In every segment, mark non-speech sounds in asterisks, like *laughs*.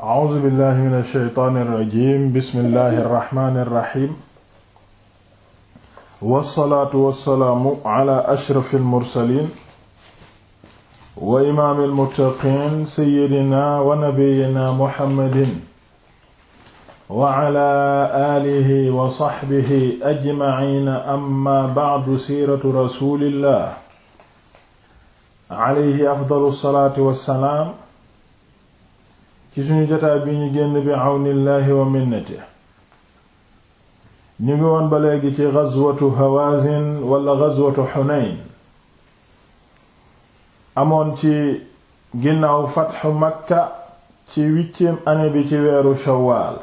a'uuzu billahi mina shaytaani rajiim bismillahi rahmaani rahiim wasalaatu wasalaamu ala ashrafil mursaliin wa imaamil muttaqiin sayyidinaa wa nabiyyinaa muhammadin wa ala aalihi wa saxbihi ajmaciin amma ba'du siiratu rasuulillah alayhi afdalu salaatu wa salaam ci suñu jotaay bi ñu génn bi àwnillaahi wa minnati ñu ngi woon ba léegi ci gazwatu hawazin wala gazwatu xunayn amoon ci ginnaaw fatxu makka ci huitième année bi ci weeru shawaal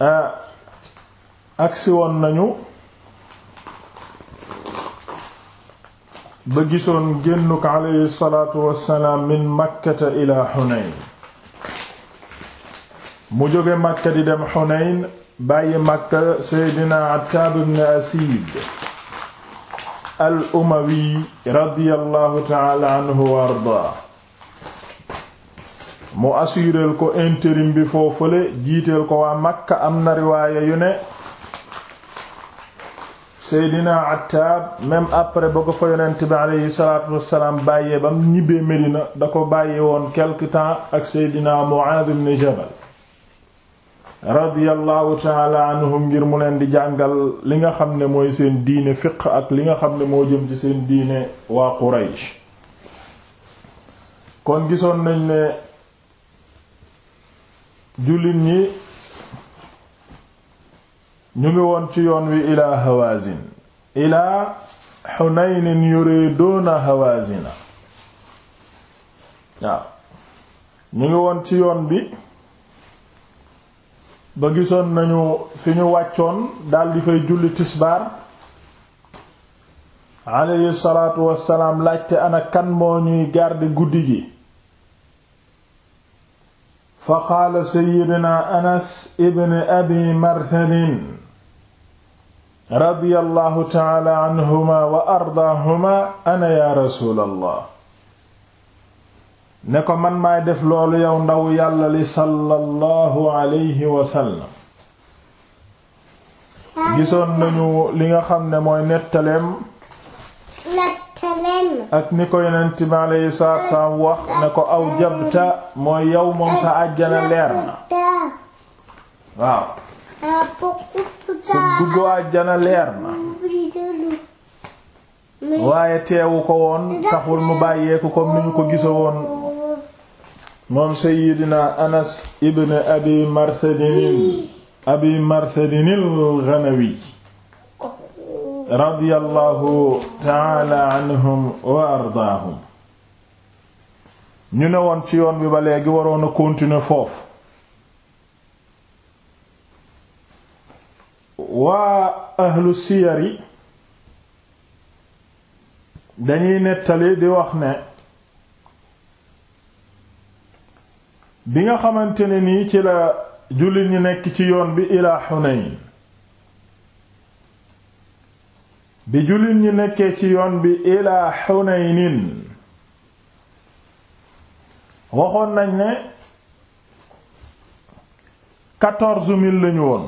ah, agsi woon nañu ba gisoon génnuk aleyhi salaatu wassalaam min makkata ila xuneyn mu jóge makka di dem xuneyn bàyyi makka seydina attaab ibn asiid al umawi radiyallahu taala anhu wa ardaa mu assureel ko intérim bi foofale jiiteel ko waa makka am na riwaaya yu ne Seydina Attaab même après ba ko fa yonent bi aleyhi salaatu wassalaam bàyyee ba ñibbee Medina da ko bàyyi woon quelque temps ak Seydina Muaad ibn Jabal radiyallahu taala ngir mu leen di jàngal li nga xam ne mooy seen diine fiq ak li nga xam ne moo jëm ci seen diine waa Quraysh kon gisoon nañ ne jullit ñi ñu ngi woon ci yoon wi ilaa hawazin ilaa xunaynin yuriduuna hawazina waaw ñu ngi woon ci yoon bi ba gisoon nañu fi ñu wàccoon daldi fay julli tisbaar aleyhi salaatu wassalaam laajte ana kan moo ñuy garde guddi gi fa qaala seyyidina anas ibn abi marthadin radiyallahu taala anhuma ko man maay def loolu yow ndaw yàlla li sallallahu alayhi nañu li nga xam ne mooy nettaleem ak ni ko yonent wax ne ko aw jabta mooy yow moom sa àjjana leer sa dugg àjjana leer na waaye teewu ko woon taxul mu bàyyeeku ko ni ñu ko gisa woon moom seydina anas ibn abi marsadin abi marsadin al-ghanawi radiyallahu taala anhum wa ardaahum ñu ne woon ci yoon bi ba léegi waroon a continuer foofu waa ahlu siyar yi dañuy nettali di wax ne bi nga xamante ne nii ci la jullit ñi nekk ci yoon bi ilaa Xunayn bi jullit ñi nekkee ci yoon bi ilaa Xunaynin waxoon nañ ne quatorze mille lañu woon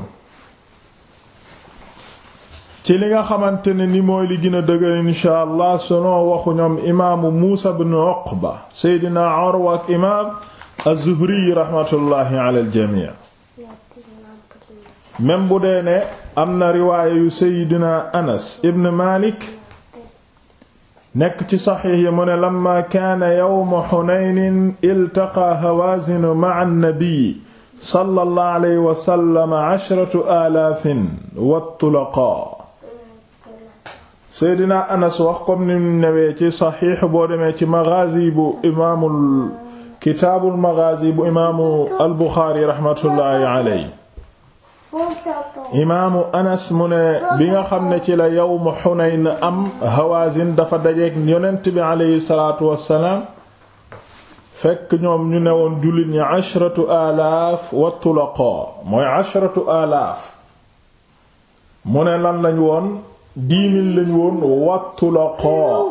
ci li nga xamante ne ni mooy li gën a dëgër insha allah selon waxu ñoom imaamu Muusa ibn Uqba Seydina Urwa imaam az-Zuhri rahmatullahi ala al-jamii même bu dee ne am na riwaaya yu Seydina Anas ibn Malik nekk ci saxiix yi mu ne lamma kaana yawmu Hunaynin iltaqa Hawaazin ma'a an-nabi sallallahu alayhi wa sallam ashratu alaafin tulaqaa Seydina Anas wax comme ni mu newee ci saxiix boo demee ci magaazi bu imaamul kitaabul magaazi bu imaamu al-Buxaari Anas mu ne bi nga xam ne ci la yawmu Xunayn am Hawaazin dafa dajeek yonent bi alayhi salaatu wassalaam fekk ñoom ñu newoon jullit ñi ashratu alaaf wa tulaqaa mooy ashratu alaaf mu ne lan lañ woon diimil lañu woon wattu la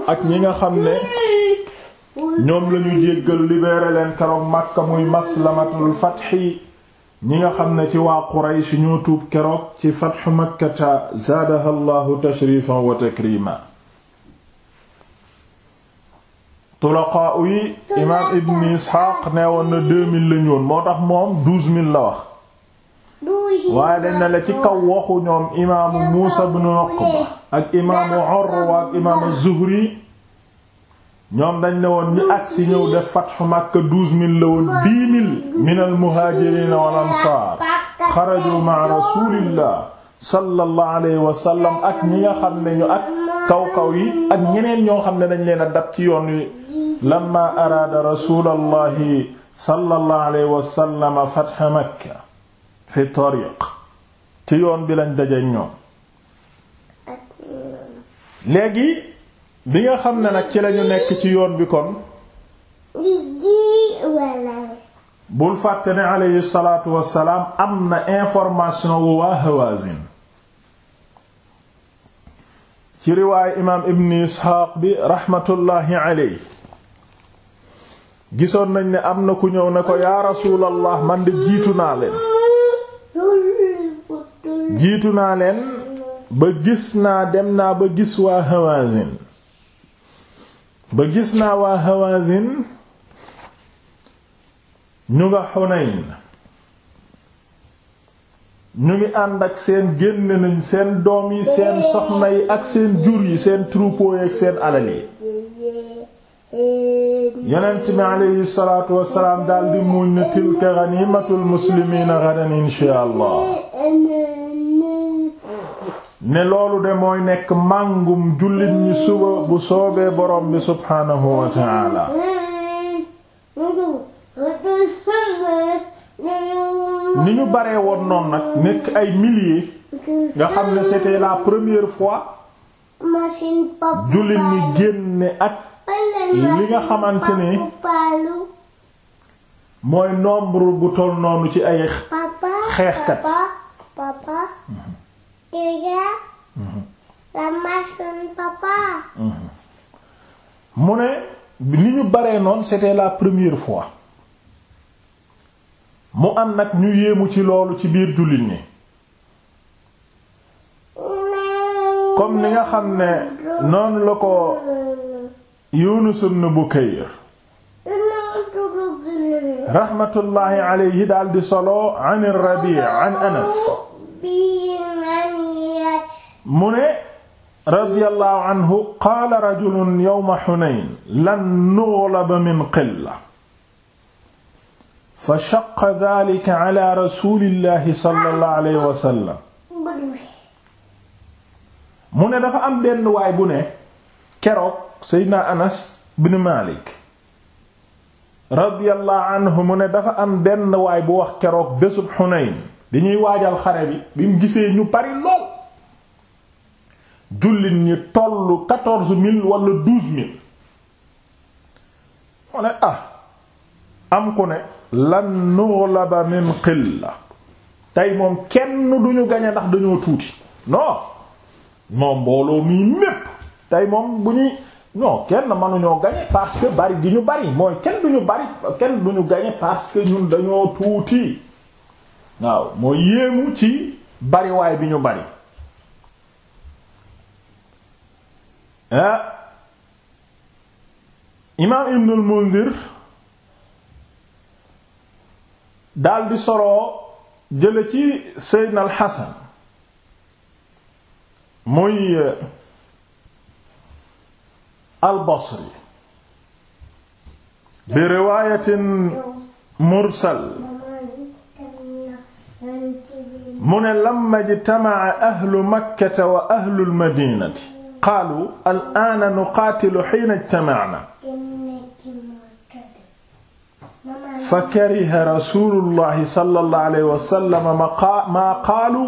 ak ñi nga xam ne ñoom lañu jéggal libéré leen keroog Makka muy maslamatul fatxi ñi nga xam ne ci waa Quraysh ñoo tuub keroog ci fatxu makkata zaadaha llahu tashrifan wa takrima tulaqaa yi imaam ibn Isxaaq nee woon na 2000 lañu woon moo tax moom 12000 la wax waaye dañ ne la ci kaw waxu ñoom imaamu Muusa ibn Uqba ak imaamu Urwa ak imaamu Zuhri ñoom dañ ne woon ñu agsi ñëw def fatxu Makka douze mille la woon dix mille min al muhaajiriina wal ansaar xaraju ma'a rasuulillah sallallahu alayhi wa sallam ak ñi nga xam ne ñu ak kaw kaw yi ak ñeneen ñoo xam ne dañ leen a dab ci yoon wi lamma araada rasuulullahi sallallahu alayhi wa sallam fatxa Makka fi tariq ci yoon bi lañ daje ñoom léegi bi nga xam ne nag ci lañu nekk ci yoon bi kon bul fàtte ne aleyhi salaatu wassalaam am na information wu waa Hawazin ci riwaayu imaam Ibn Isxaaq bi raxmatullaahi aleyhi gisoon nañ ne am na ku ñëw ne ko yaa rasuulallah man de jiitu naa leen jiitu naa leen ba gis naa dem naa ba gis waa Hawazin ba gis naa waa Hawazin ñu nga Hunayn ñu ngi ànd ak seen génn nañ seen doom yi seen soxna yi ak seen jur yi seen troupeau yi ak seen alal yi yonent mi aleyhi salaatu wassalaam daldi muuñ ne tilka ganimatul muslimiina gadan inshaa Allah ne loolu de mooy nekk màngum jullit ñi suba bu soobee borom bi subhaanahu wa ta'ala ni ñu baree woon noonu nag nekk ay milliers nga xam ne c'était la première fois jullit ñi génne ak li nga xamante ne mooy nombre bu toll noonu ci ay xeexkat. Mhm. Mhm. mu ne ni ñu baree noonu c'était la première fois mu am nag ñu yéemu ci loolu ci biir jullit ñi comme ni nga xam ne noon la ko Yunus ibn Bukayr raxmatullaahi yi daldi solo an an Anas mu ne radiyallahu anhu qaala rajulun yawma xunayn lan nughlaba min qilla fa shaqqa dhaalika ala rasuulillahi sallallahu alayhi wa sallam mu ne dafa am benn waay bu ne keroog Seydina Anas bin Malik radiyallahu anhu mu ne dafa am benn waay bu wax keroog bésub Xunayn dañuy waajal xare bi bi mu jullit ñi tollu quatorze mille wala douze mille mu ne ah am ku ne lan nughlaba min qilla tey moom kenn duñu gañe ndax dañoo tuuti non moom mbooloo mii mépp tey moom bu ñuy non kenn mënuñoo gañe parce bari gi ñu bari mooy kenn duñu bari kenn duñu gañe parce ñun dañoo tuuti waaw mooy yéemu ci bariwaay bi ñu bari Ah. imaam ibnul mundir daldi soloo jële ci seydna al xasan muy eh, al basri bi riwaayatin mursal mu ne lamma jtamaa ahlu makkata wa ahlu al madinati qaalu al'aana nuqaatilu hiina ijtama'naa fakariha rasuulullahi sallallahu alayhi wa sallam maa qaalu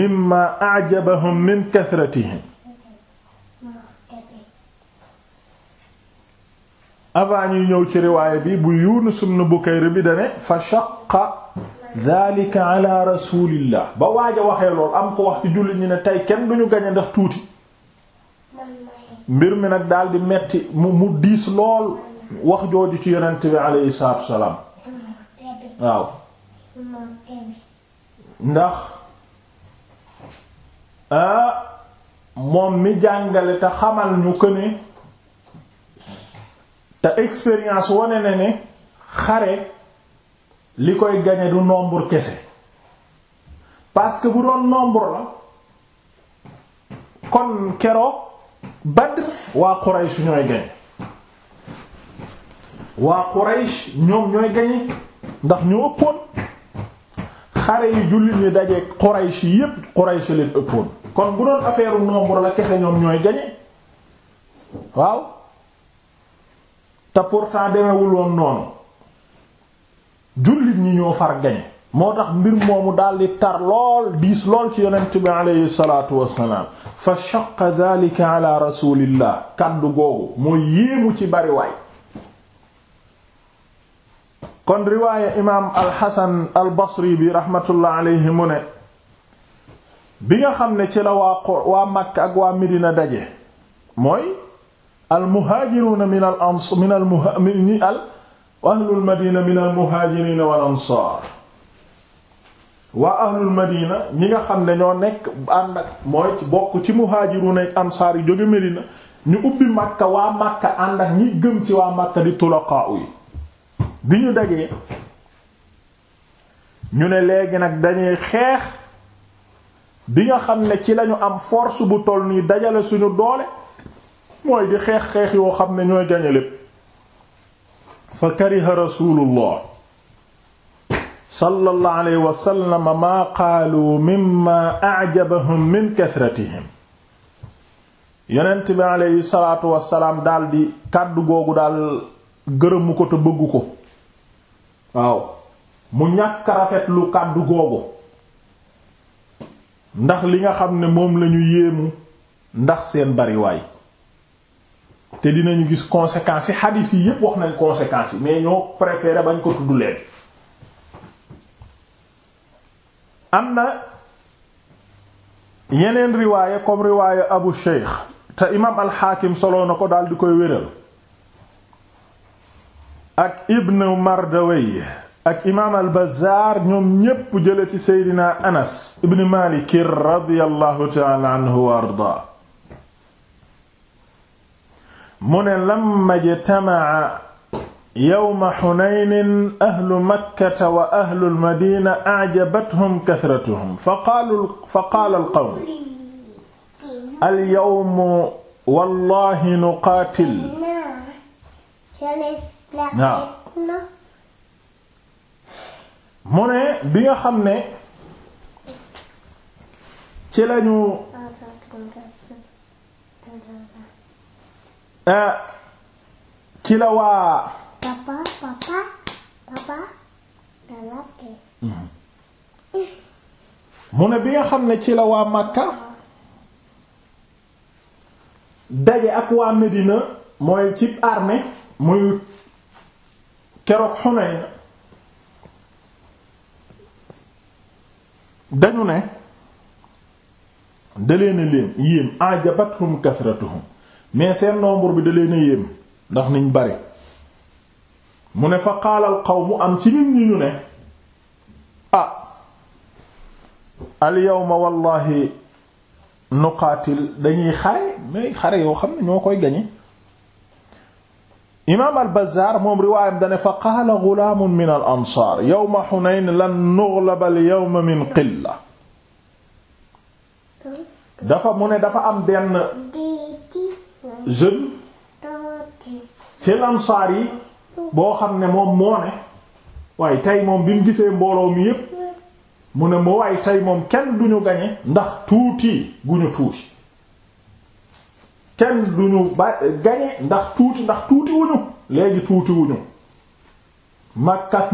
mimmaa a'jabahum min kasratihim avant ñuy ñëw ci riwaaya bi bu Yunus ibn Bukayr bi dane fa shaqqa dhalika ala rasulillah ba waaj a waxee lool am ko wax ci jullit ñi ne tey kenn duñu gañe ndax tuuti mbir mi nag daldi metti mu mu diis lool wax jooju ci yonent bi alayhi salaatu waaw ndax ah moom mi jàngale te xamal ñu ko te expérience wone na ne xare li koy gañe du nombre kese parce que bu doon nombre la kon keroog Badr waa Quraysh ñooy gañe waa Quraysh ñoom ñooy gañe ndax ñoo ëppoon xare yi jullit ñi daje Quraysh yépp Quraysh leen ëppoon kon bu doon affaire nombre la kese ñoom ñooy gañe waaw te pourtant demewul woon noonu jullit ñi ñoo far gañe moo tax mbir moomu daal di tar lool diis lool ci yonent bi aleyhi salaatu wassalaam fa shaqqa dhalika ala rasulillah kaddu googu mooy yéemu ci bariwaay kon riwaaya imaam alxasan albasri bi rahmatullah aleyhi mu ne bi nga xam ne ci la waa waa Makka ak waa Medina daje mooy al ans min min al ansaar waa ahlul madina ñi nga xam ne ñoo nekk ànd ak mooy ci bokk ci muhaajiruun ak ansaar yi jóge Medina ñu ubbi màkka waa Makka ànd ak ñi gëm ci waa Makka di tulaqaa yi bi ñu dajee ñu ne léegi nag dañuy xeex bi nga xam ne ci lañu am force bu toll nii dajale suñu doole mooy di xeex xeex yoo xam ne ñooy gañe lépp fa kariha rasulullah sallallahu alayhi wa sallam ma qaalu mimma a'jabahum min kasratihim yonent bi alayhi salaatu wassalaam di kàddu googu daal gërëmu ko te bëggu ko waaw mu ñàkk rafetlu kàddu googu ndax li nga xam ne moom lañu yéemu ndax seen bariwaay te dinañu gis conséquences yi xadiis yi yépp wax nañ conséquences mais ñoo préféré bañ ko tudd leen am na yeneen riwaaya comme riwaaya abu sheikh te imaam alxaakim solo na ko daal di koy wéral ak ibn mardawey ak imaam al bazaar ñoom ñépp jële ci seydina anas ibn malikir radiyallahu taala anhu wa ardaa mu ne lamma jtamaa yawma xunaynin ahlu makkata wa ahlu lmadina ajabathum kasratuhum fa qaalu fa qaala alqawm alyawma wallahi nuqaatil waaw mu ne bi nga xam ne ci lañu eh, ci la waa Papa, mu ne bi nga xam ne ci la waa Makka daje ak waa Medina mooy ci armée muy keroog Hunayn dañu ne da leen a leen yéem ajabathum kasratuhum mais seen nombre bi da leen a yéem ndax niñ bari mu ne fa xaalal xaw mu am ci nit ñi ñu ne ah alyawma wallahi nuqaatil dañuy xare mais xare yoo xam ne ñoo koy gañe imaam al bazaar moom riwaayam dane fa qaala gulaamun min al ansaar yawma xunayn lan nuglaba al yawma min qilla dafa mu ne dafa am benn jeune ci lansaar yi boo xam ne moom moo ne waaye tey moom bi mu gisee mbooloo mi yépp mu ne mu waaye tay moom kenn duñu gañe ndax tuuti gu ñu tuuti kenn du ñu ba gañe ndax tuuti ndax tuuti léegi tuuti wuñu Makka ak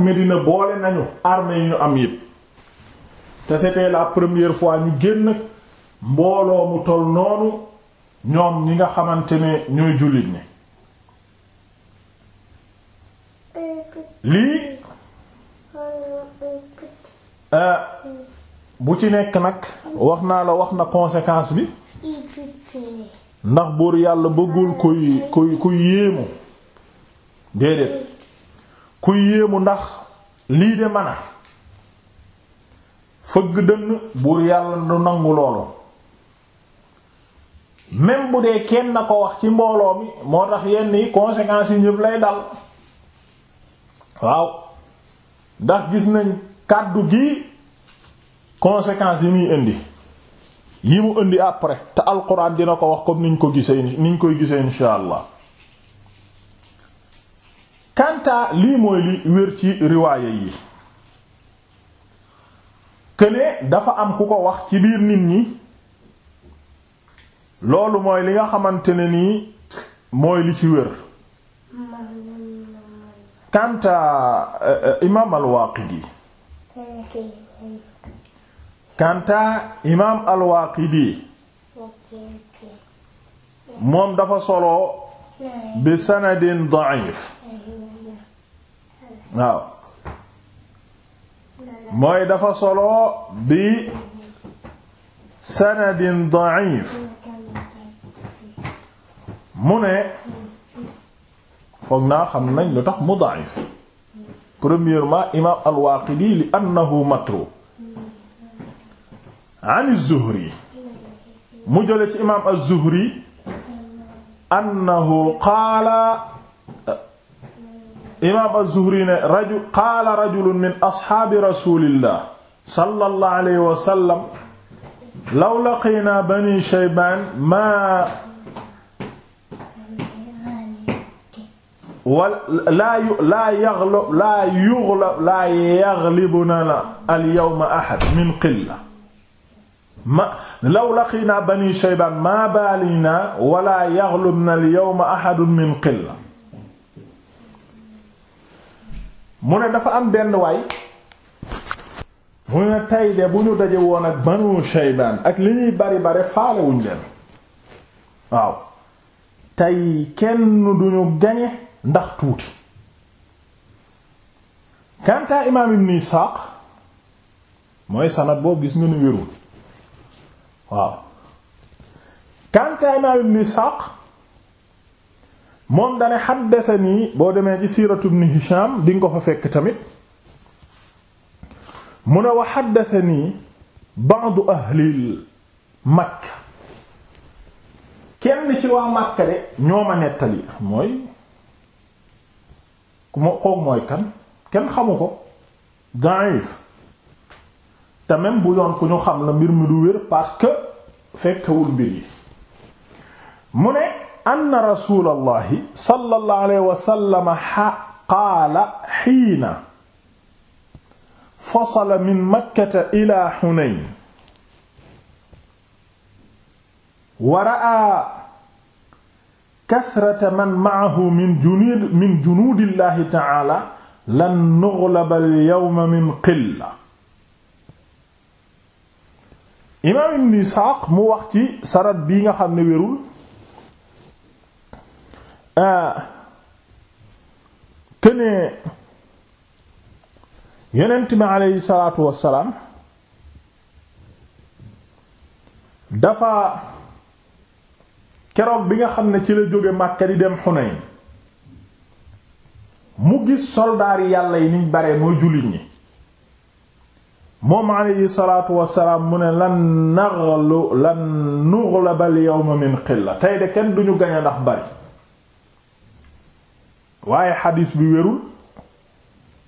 boole nañu armée yu ñu am yépp te la première fois ñu génn mbooloo mu toll noonu ñoom ñi nga xamante ne ñooy jullit ñi lii euh, bu ci nekk nag wax naa la wax na conséquence bi ndax buur yàlla bëggul kuy kuy kuy yéemu déedéet kuy yéemu ndax lii de mana fëgg dënn buur yàlla du nangu loolu même bu dee kenn na ko wax ci mbooloo mi moo tax yenn yi conséquences yi ñépp lay dal waaw ndax gis nañ kàddu gi conséquences yi muy indi yi mu indi après te alquran dina ko wax comme niñ ko gisee niñ koy gisee insha allah kanta lii mooy li wér ci riwaaya yi këne dafa am ku ko wax ci biir nit ñi loolu mooy li nga xamante ne nii mooy li ci wér mm-hmm. kanta imaam al-Waaqidi kanta moom dafa solo bi sanadin da'if mooy dafa solo bi sanadin da'if mu ne foog naa xam nañ lu tax mu da'if premièrement imaam al-Waaqidi li annahu matruk an az-Zuhri mu jële ci imaam az-Zuhri annahu qaala imaam az-Zuhri ne rajul qaala rajulun min ashaabi rasuulillah sallallahu alayhi wa sallam law laqiinaa banii Shaybaan maa wala laa yu laa yaxlu laa yuxla laa yaxlibuna la al yawma ahad min qilla ma law laqiinaa bani shaybaan maa baalinaa wala yaxlubna al yawma ahad min qilla mu ne dafa am benn waay mu ne tey de bu ñu daje woon ak banu shaybaan ak li ñuy bari bari faalewuñ leen waaw tey kenn duñu gañe ndax tuuti kanta imaam ibn Ishaq mooy sanad boobu gis nga ni wérul waaw kanta imaam ibn Ishaq moom dane xaddathani boo demee ci siiratu ibn Hisham di nga ko fa fekk tamit mu ne wa xaddathani ba'du ahli Makka kenn ci waa Makka de ñoo ma nettali mooy kooku mooy kan kenn xamu ko da'if te même bu yoon ku ñu xam la mbir mi du wér parce que fekkewul mbir yi mu ne anna rasulallahi sallallahu alayhi wa sallam qaala min makkata ila xunayn wa kasrata man ma'ahu min junud min junuudillaahi ta'aala lan nughlaba al-yawma min qilla imaam ibn Isxaaq mu wax ci sarat bii nga xam ne wérul euh, kënee yonent mi aleyhi salaatu wassalaam dafa keroog bi nga xam ne ci la jóge Makka di dem Xunayn mu gis soldaar yi yàlla yi niñ bare mooy jullit ñi moom aleyhi salaatu wasalaam mu ne lan naxlu lan nuxlaba al yawma min xilla tey de kenn duñu gañ a ndax bari waaye xadiis bi wérul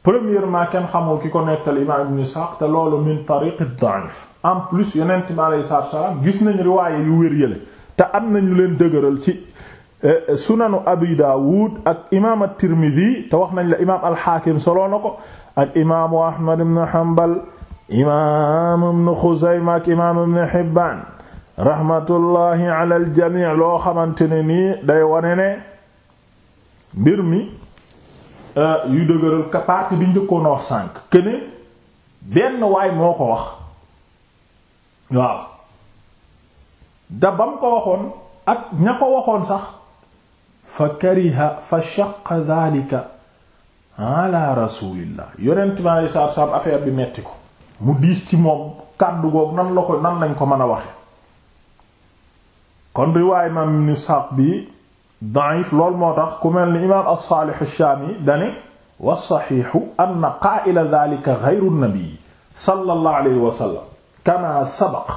premièrement kenn xamoo ki ko nettal imaam ibn Isaaq te loolu min tariq ad-da'if en plus yonent bi aleyhi salaatu gis nañ riwaaye yu wér yële te am na ñu leen dëgëral ci eh, eh, sunanu abi daawud ak imaam at-tirmidhi te wax nañ la imaam al solo na ko ak imaamu ahmad ibn hanbal imaam ibn xuzayma ak imaam ibn hibban rahmatullahi ala al loo xamante ne nii day wane ne mbir mi eh, yu dëgëral ka partie bi njëkkoon wax sànq kene benn waay moo ko wax waaw da bam ko waxoon ak ña ko waxoon sax fa kariha fa shaqqa dhalika ala rasulillah yonent bi alei saatu salaam affaire bi metti mu diis ci moom kàddu goog nan la nan lañ ko mën a waxe kon riwaay imaam ibn Isxaaq bi da'if loolu moo tax ku mel ni imaam as-Saalih ash-Shaami dane wa saxiixu anna qaa'ila dhaalika ghayru an-nabi sallallahu alayhi wa kamaa sabaqa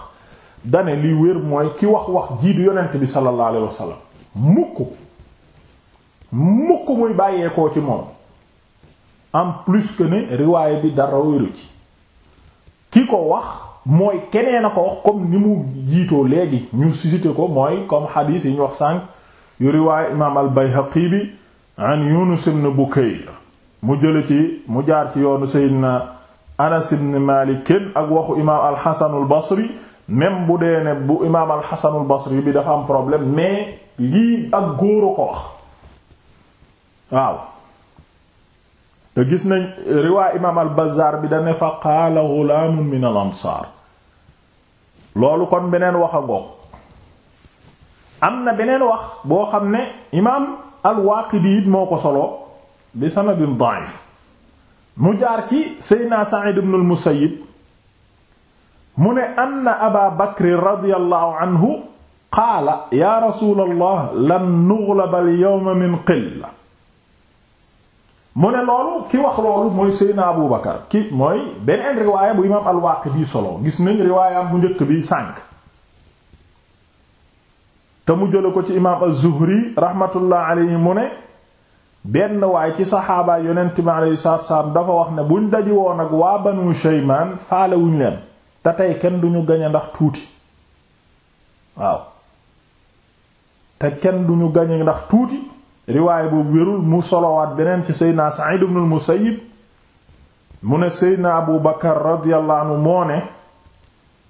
dane lii wér mooy ki wax wax jiitu yonent bi sallallahu alayhi wasallam mukk mukk muy bàyyeekoo ci moom en plus que ne riwaay bi dara wéru ci ki ko wax mooy keneen a ko wax comme ni mu jiitoo léegi ñu suscité ko mooy comme xadiis yi ñu wax sànq yu riwaay imaam al Bayhaqi bi an Yunus ibn Bukayr mu jële ci mu jaar ci yoonu Seydina Anas ibn Malik ak waxu imaam al Hasan al Basri même bu dee ne bu imaam alxasanul basri bi dafa am problème mais lii ak góor a ko wax waaw te gis nañ riwaa imaam al bazaar bi dane fa qaala gulaamun min al loolu kon beneen wax a ngoog am na beneen wax boo xam ne imaam al moo ko solo bi sanadin da'if mu jaar ci seydna sa'id ibn al mu ne anna aba bakrin radiyallahu anhu qaala yaa rasuulallah lan nuglaba alyawma min qilla mu ne loolu ki wax loolu mooy seydna abu bakar ki mooy beneen riwaaya bu imaam al-Waaqidi solo gis nañ riwaayaam bu njëkk bi sànk te mu jële ko ci imaam az-Zuhri rahmatullah mu ne benn waay ci saxaabaa yonent bi alayhi salaam dafa wax ne buñ daji woon ak waa banu Shaymaan faale wuñ leen te tey kenn du duñu gañe ndax tuuti waaw te kenn duñu gañe ndax tuuti riwaay bu wérul mu solowaat beneen ci seydna Sa'id ibn al-Musayyib mu ne seydna Abu Bakar radiyallahu anhu moo ne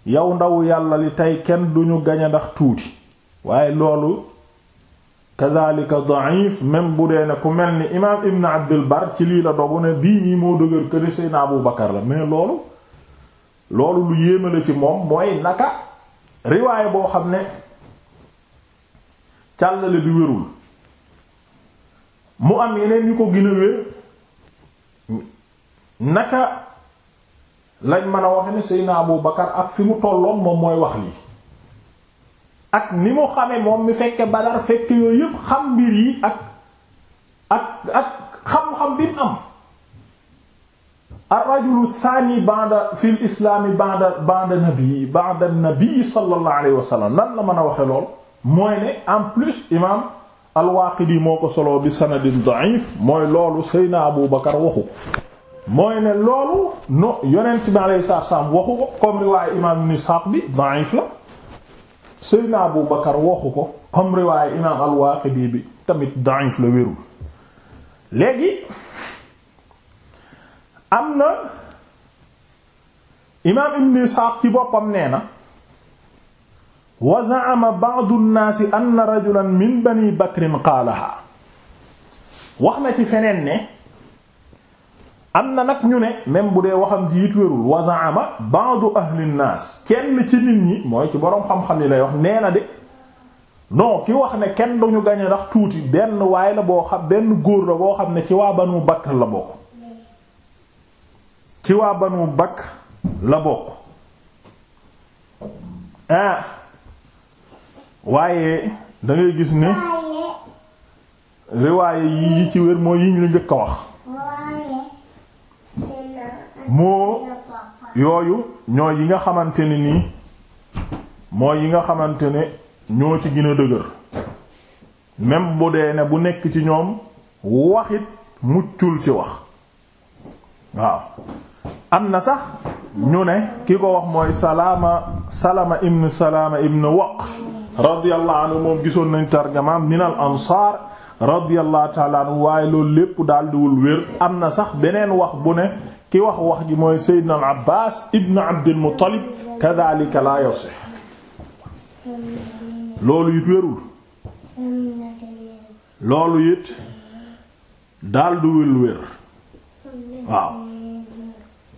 yow ndaw yàlla li tey kenn duñu gañe ndax tuuti waaye loolu kadhalika da'if même bu dee ne ku mel ni imaam ibn Abdul Bar ci lii la dogu ne bii nii moo dëgër këri seydna Abu Bakar la mais loolu loolu lu yéemale ci moom mooy naka riwaay boo xam ne càllale bi wérul mu am yeneen yu ko gën a wér naka lañ mën a waxe ne Seydina Abu Bakar ak fi mu tolloon moom mooy wax lii ak ni mu xame moom mi fekke Badar fekke yooyu yépp xam mbir yi ak ak ak xam-xam bi mu am ar-rajulu thani ba'da fil islaami ba'da nabi ba'da nabi sallallahu alayhi wa nan la mën a waxe lool mooy ne en plus imaam al moo ko soloo bi sanadin da'if mooy loolu Seydina Abu Bakar waxu mooy ne loolu no yonent bi alayhi salaatu salaam waxu ko comme riwaayu imaam Ibn Isxaaq bi tamit da'if la wérul léegi am na imaam ibn Isxaaq ci boppam nee na wa za'ama ba'du an-naasi anna rajulan min bani bakrin qaalaha wax na ci feneen ne am na nag ñu ne même bu dee waxam jiit it wérul wa za'ama ba'du ahli naas kenn ci nit ñi mooy ci boroom xam-xam yi lay wax nee na de non ki wax ne kenn duñu gañe ndax tuuti benn waay la boo xam benn góor la boo xam ne ci waa ban mu Bakr la bokk ci waa banu bakk la bokk ah. waaye dangay gis ne riwaaye yi ci wér mooy yi ñu la njëkk wax moo yooyu ñooy yi nga xamante ne nii mooy yi nga xamante ne ñoo ci gën a dëgër même bu dee ne bu nekk ci ñoom waxit muccul ci wax waaw am na sax ñu ne ki ko wax mooy salaama salama ibn salaama ibn waqsh radiyallahu moom gisoon nañ tarjamaam min al ansaar radiyallahu waaye loolu lépp daal diwul wér am na sax beneen wax bu ne ki wax wax ji mooy sayyidna al abbas ibn abdil muttalib kadhalika la yasih loolu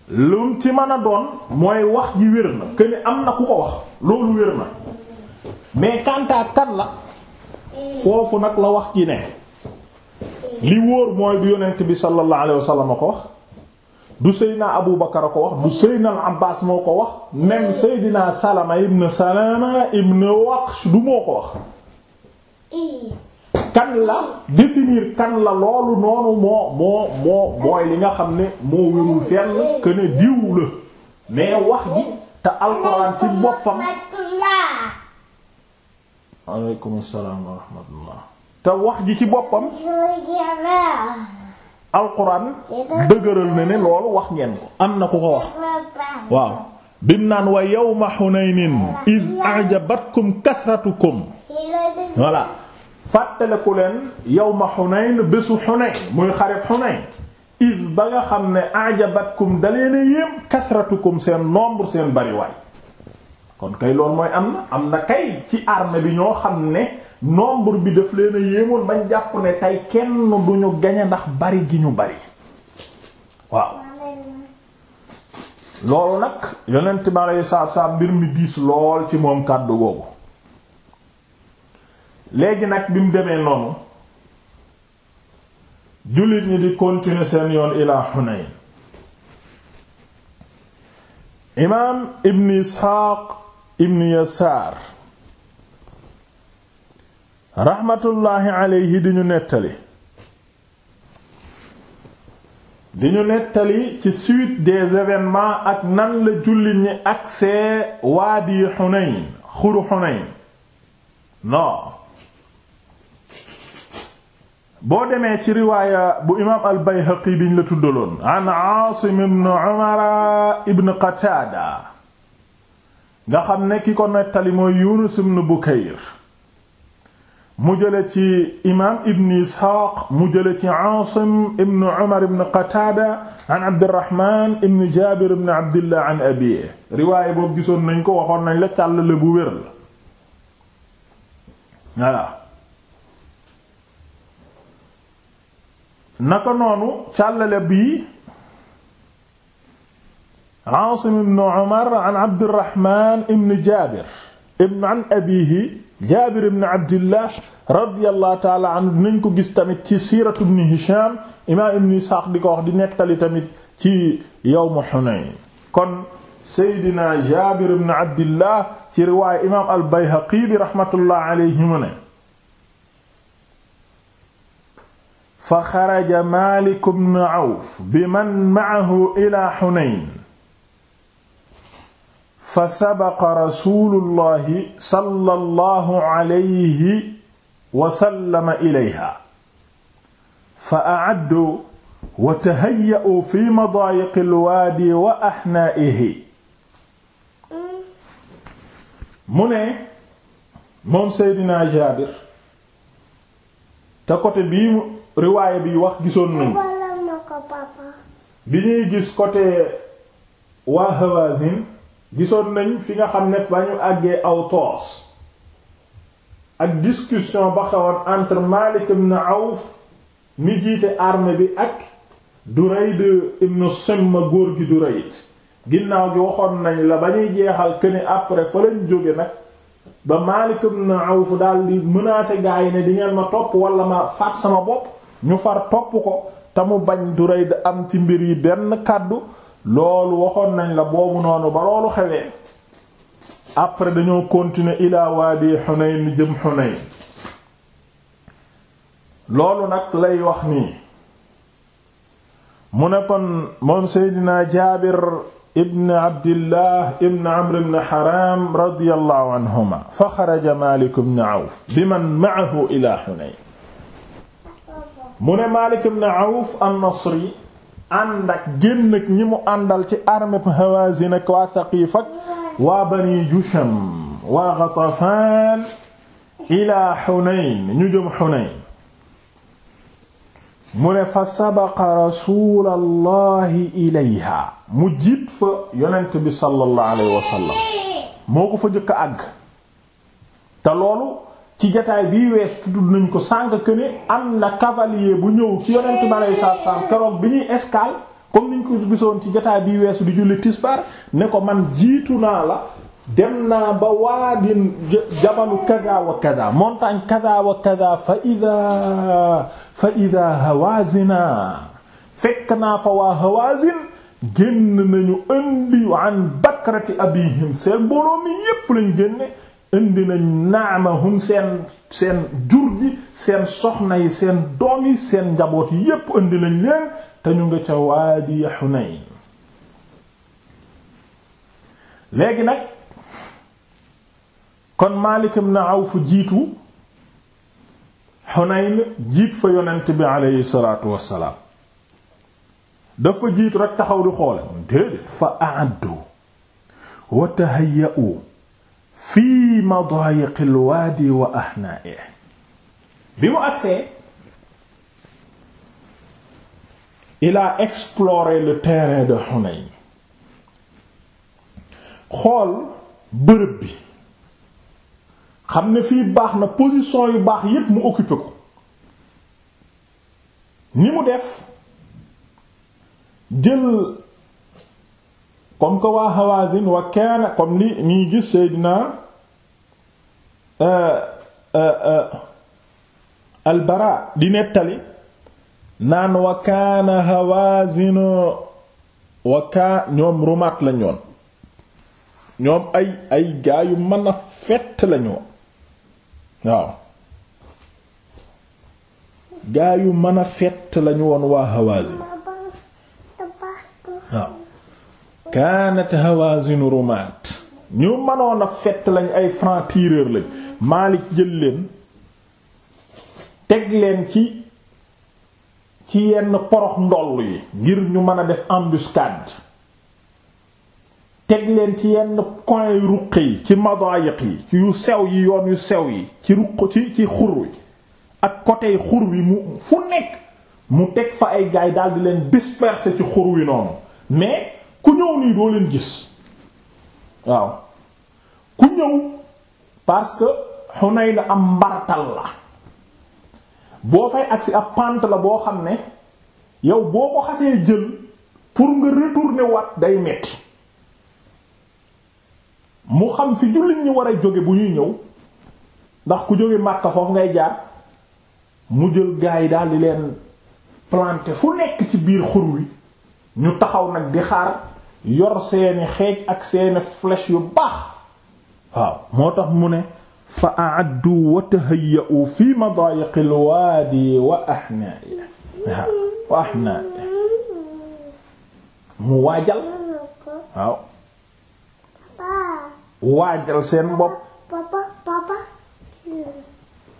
lum ci mën a doon mooy wax ji wér na que am na ku ko wax loolu wér na mais kantaa la foofu nag la wax ci ne li wóor mooy du yonent bi sallallahu alayhi wa a ko wax du Seydina Abu Bakar a ko wax du Seydina al Abbas moo ko wax même Seydina Salama ibn Salama ibn Waqsh du moo ko wax kan la définir kan la loolu noonu moo moo moo mooy li nga xam ne moo wérul fenn que ne diw la mais wax ji te alxuraan ci boppam aleykum salaam wa wax ji ci boppam alxuraan dëgëral na ne loolu wax ngeen ko am na ku ko wax waaw bim naan wa yawma hunaynin iz a'jabatkum kasratukum voilà fàttaliku leen yawma Hunayn bésu Hunayn muy xareb Hunayn iz ba nga xam ne ajabatkum dalee na yéem kasratukum seen nombre seen bariwaay kon kay loolu mooy am na am na kay ci armée bi ñoo xam ne nombre bi def leen a yéemoon bañ jàpp ne tey kenn du ñu gañe ndax bari gi ñu bari waaw loolu nag yonent bi alayhi salaatu salaam mbir mi diis lool ci moom kàddu googu léegi nag bi mu demee noonu jullit ñi di continuer seen yoon ilaa Hunayn imaam ibn Isxaaq ibn Yasaar raxmatullaahi aleyhi di ñu nettali di ñu nettali ci suite des événements ak nan la jullit ñi agsee waadi Hunayn xuru Hunayn boo demee ci riwaaya bu imaam al-Bayhaqi biñ la tuddaloon an Aasim ibn Umar ibn Qataada nga xam ne ki ko nettali mooy Yunus ibn Bukayr mu jële ci imaam ibn Isxaaq mu jële ci Aasim ibn Umar ibn Qataada an Abdurrahmaan ibn Jaabir ibn Abdillah an abiihi riwaaya boobu gisoon nañ ko waxoon nañ la càll la bu wér la naka noonu càllale bii Aasim ibn Umar an Abdurrahman ibn Jaabir ibn an abiihi Jaabir ibn Abdillah radiyallahu taala anhu dinañ ko gis tamit ci siiratu ibn Hisham imaam ibn Isxaaq di ko wax di nettali tamit ci yawmu Hunayn kon Seydina Jaabir ibn Abdillah ci riwaayu imaam al-Bayhaqi bi rahmatullah alayhi mu ne fa xaraja Maalik ibn Awf bi man ma'ahu ilaa Hunayn fa sabaqa rasuulullahi sallallahu alayhi wa sallama ilayhaa fa a'adduu wa tahayya'uu fii madaayiqil waadi wa ahnaa'ihi mu ne moom Seydina Jaabir te côté bii riwaaya bi wax gisoon nañu bi ñuy gis côté waa gisoon nañ fi nga xam ne ba ñu àggee aw toos ak discussion ba xawoon entre Malik ibn Auf mi jiite arme bi ak Durayd ibn Simma góor gi du Durayd ginnaaw bi waxoon nañ la ba jeexal këne après fa lañ jóge nag ba Malik ibn Auf daal di menacer gaa yi ne di ngeen ma topp wala ma faat sama bopp ñu far topp ko te mu bañ Durayd am ci mbir yi benn kàddu loolu waxoon nañ la boobu noonu ba loolu xewee après dañoo continuer ila waadi Hunayn jëm Hunayn loolu nag lay wax nii mu ne kon moom Seydina Jaabir ibn Abdillah ibn Amr ibn Haram radiyallahu anhuma fa xaraja Maalik ibn Awf biman ma'ahu ila Hunayn mu ne Maalik ibn Awf an-Nasri ànd ak génn ak ñi mu àndal ci armée Hawazin ak waa Thaqif ak waa Bani Jusham waa Ghatafan ila Hunayn ñu jëm Hunayn mu ne fa sabaqa rasulallahi ilayha mu jiit fa yonent bi sallallahu alayhi wa sallam moo ko fa jëkk àgg te loolu ci jataay bii wees tudd nañ ko sànq que ne am bu ñëw ci yonent bi aleyhi salaatu bi ñuy escale comme niñ ko gisoon ci jataay bi weesu di julli tisbaar ne ko man jiitu naa la dem naa ba waadin jabalu kada wa kada montagne kada wa kada fa ida hawazina fekk naa fa waa hawazin génn nañu indi an bakrati abihim seen boroom mi yépp lañ génne indi nañ naamahum seen seen jur gi seen soxna yi seen doom yi seen njaboot yi yépp indi nañ leen te ñu nga ca waadi Hunayn léegi nag kon Maalik ibn fu jiitu Hunayn jiit fa yonent bi aleyhi salaatu wassalaam dafa jiitu rek taxaw di xoole déedéet fa a'addu wa tahayya'u fii madayiqil waadi wa ahna'i bi mu agsee il a le terrain de Hunayn xool bërëb bi xam ne fii baax na position yu baax yépp mu occupé ko ni mu def jël comme que waa Hawazin wa comme ni ñuy gis Seydina euh, euh, euh, al di nettali naan wa kaana Hawazin ñoom rumaat la ñoon ñoom ay ay gaa yu mën a fett la ñoon waaw gaa yu mën a fett lañu woon waa Hawazin kaanat hawazinu rumaat ñu mënoon a fett lañ ay francs-tireurs lañ Malik jël leen teg leen ci ci yenn porox ndoll yi ngir ñu mën a def embuscade teg leen ci yenn coin yu ruq yi ci madayiq yi yu sew yi yoon yu sew yi ci ruq ci ci xur wi ak côté xur wi mu fu nekk mu teg fa ay gaay daldi leen disperser ci xur wi noonu mais ku ñëw nii doo leen gis waaw ku ñëw parce que na am mbaratal la boo fay agsi ab pant la boo xam ne yow boo ko xasee jël pour nga retourner waat day metti mu xam fi jullit ñi war a jóge bu ñuy ñëw ndax ku jóge Makka foofu ngay jaar mu jël gaa yi daal di leen planter fu nekk ci biir xur wi ñu taxaw nag di xaar yor seeni xeej ak seeni flèche yu baax waaw moo tax mu ne fa a'addu wa tahayya'u fi madayiqil waadi wa ahna'i wa mu waajal waaw waajal seen bopp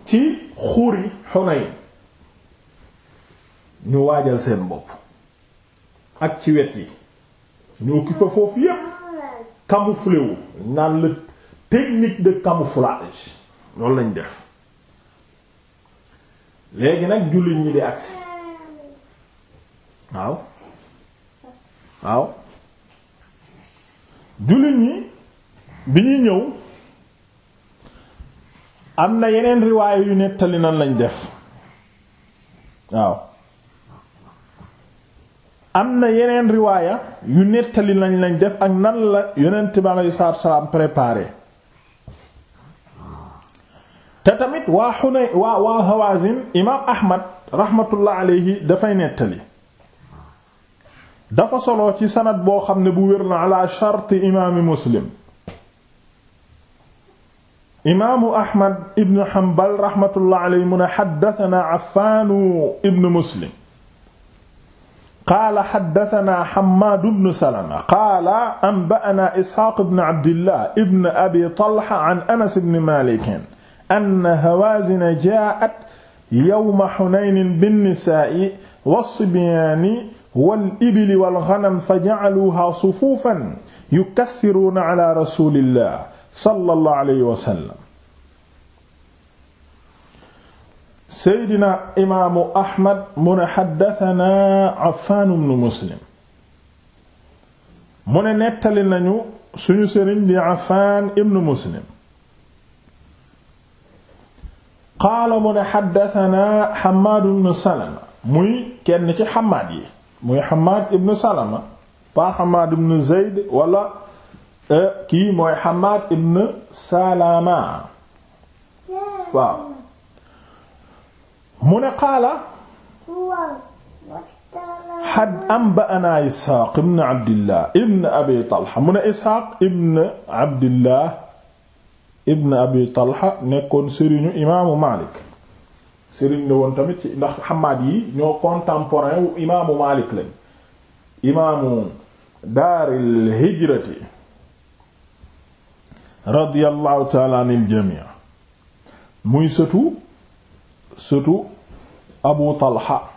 ci xuri Hunayn ñu waajal seen bopp ak ci wet yi ñu occupé foofu yépp camouflé wu naan la technique de camouflage loolu lañ def léegi nag jullit ñi di agsi waaw waaw jullit ñi bi ñuy ñëw am na yeneen riwaay yu nettali nan lañ def waaw am na yeneen riwaaya yu nettali lañ lañ def ak nan la yonent bi aleyhi salaatu salaam préparé te tamit waa xunay waa waa Hawazin imaam Ahmad rahmatullah aleyhi dafay nettali dafa solo ci sanad boo xam ne bu wér na ala sharti imaami Muslim imaamu Ahmad ibn Hanbal rahmatullah aleyhi mu ne haddathana Affaanu ibn Muslim qaala xaddatanaa xammaadu bnu salama qaala anba'anaa isxaaq bnu abdillah ibn abi talha an anas bni malikin anna hawaazina jaa'at yawma xunaynin binnisaa'i wasibyaani wal ibili wal ganam fa ja'aluuhaa sufuufan yukathiruuna ala rasulillah sallallahu alayhi wa sallam seydina imaamu ahmad mu ne xaddatanaa afaan ibnu muslim mu ne nettali nañu suñu sëriñ di afaan ibnu muslim qaala mu ne xaddatanaa xamaad ibnu salama muy kenn ci xamaad yi muy xamaad ibnu salama paa xamaad ibnu zeyd wala eh, kii mooy xamaad ibnu salama mu ne qaala xad anba'anaa Isxaaq ibn Abdillah ibn Abi Talha mu ne Isxaaq ibn Abdillah ibn Abi Talha nekkoon sëriñu imaamu Maalik sëriñ la woon tamit ci ndax Hammaad yi ñoo contemporain wu imaamu Maalik lañ imaamu daaril hijrati radiyallahu ta'ala anil jamii muy sëtu surtout abu talha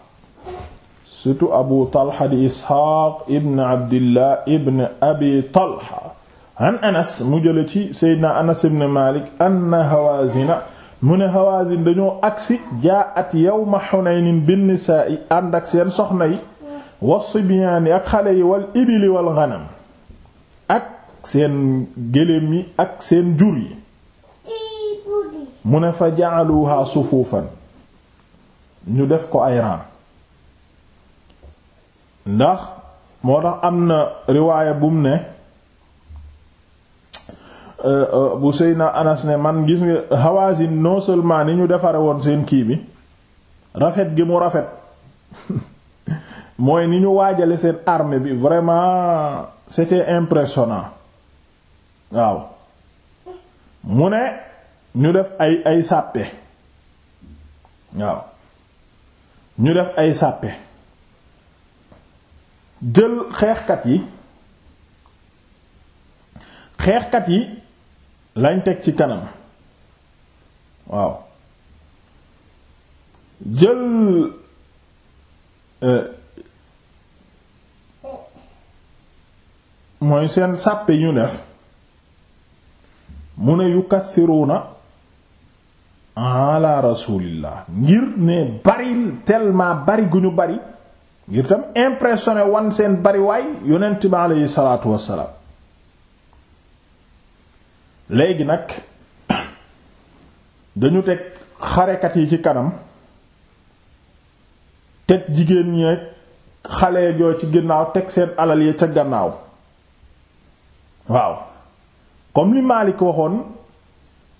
surtout abu talha di isxaaq ibn abdillah ibn abi talha an anas mu jële ci seydna anas ibn malik anna hawazina mu ne hawazin dañoo agsi jaa at yawma xunaynin bin ak seen soxna yi xale yi wal ibili wal ghanam ak seen gëléem yi ak seen jur yi mu ne fa ja'aluha sufufan ñu def ko ay ran ndax moo tax am na riwaaya bum ne euh, euh, bu Seyna Anas ne man gis nga Hawazin non seulement ni ñu defaree woon seen kii bi rafet gi mu rafet *laughs* mooy ni ñu waajale seen armée bi vraiment c'était impressionnant waaw mu ne ñu def ay ay sàppe waaw ñu def ay sàppe jël xeexkat yi xeexkat yi lañ teg ci kanam waaw jël euh, mooy seen sàppe ñu def mu ne yukathiruna ala rasulillah ngir ne bari tellement bari gu ñu bari ngir tam impressionné wan seen bari waay yonent bi aleyhi salaatu wassalaam léegi nag *coughs* dañu teg xarekat yi ci kanam teg jigéen ñi xale joo ci ginnaaw teg seen alal yi ca gannaaw waaw comme li Maalik waxoon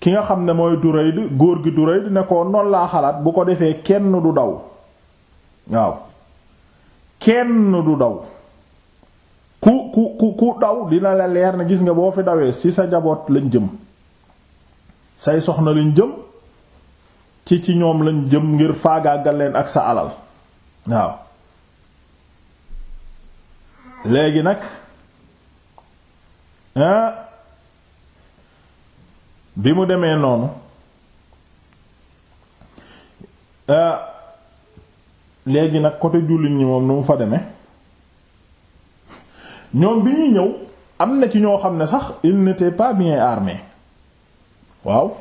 ki nga xam ne mooy Durayd góor gi Durayd ne ko noonu laa xalaat bu ko defee kenn du daw waaw kenn du daw ku ku ku ku daw dina la leer na gis nga boo fi dawee ci sa njaboot lañ jëm say soxna lañ jëm ci ci ñoom lañ jëm ngir faagaagal leen ak sa alal waaw léegi nag ah bi mu demee noonu euh, léegi nag côté jullit ñi moom nu mu fa demee ñoom bi ñuy ñëw am na ci ñoo xam ne sax il n'était pas bien armé waaw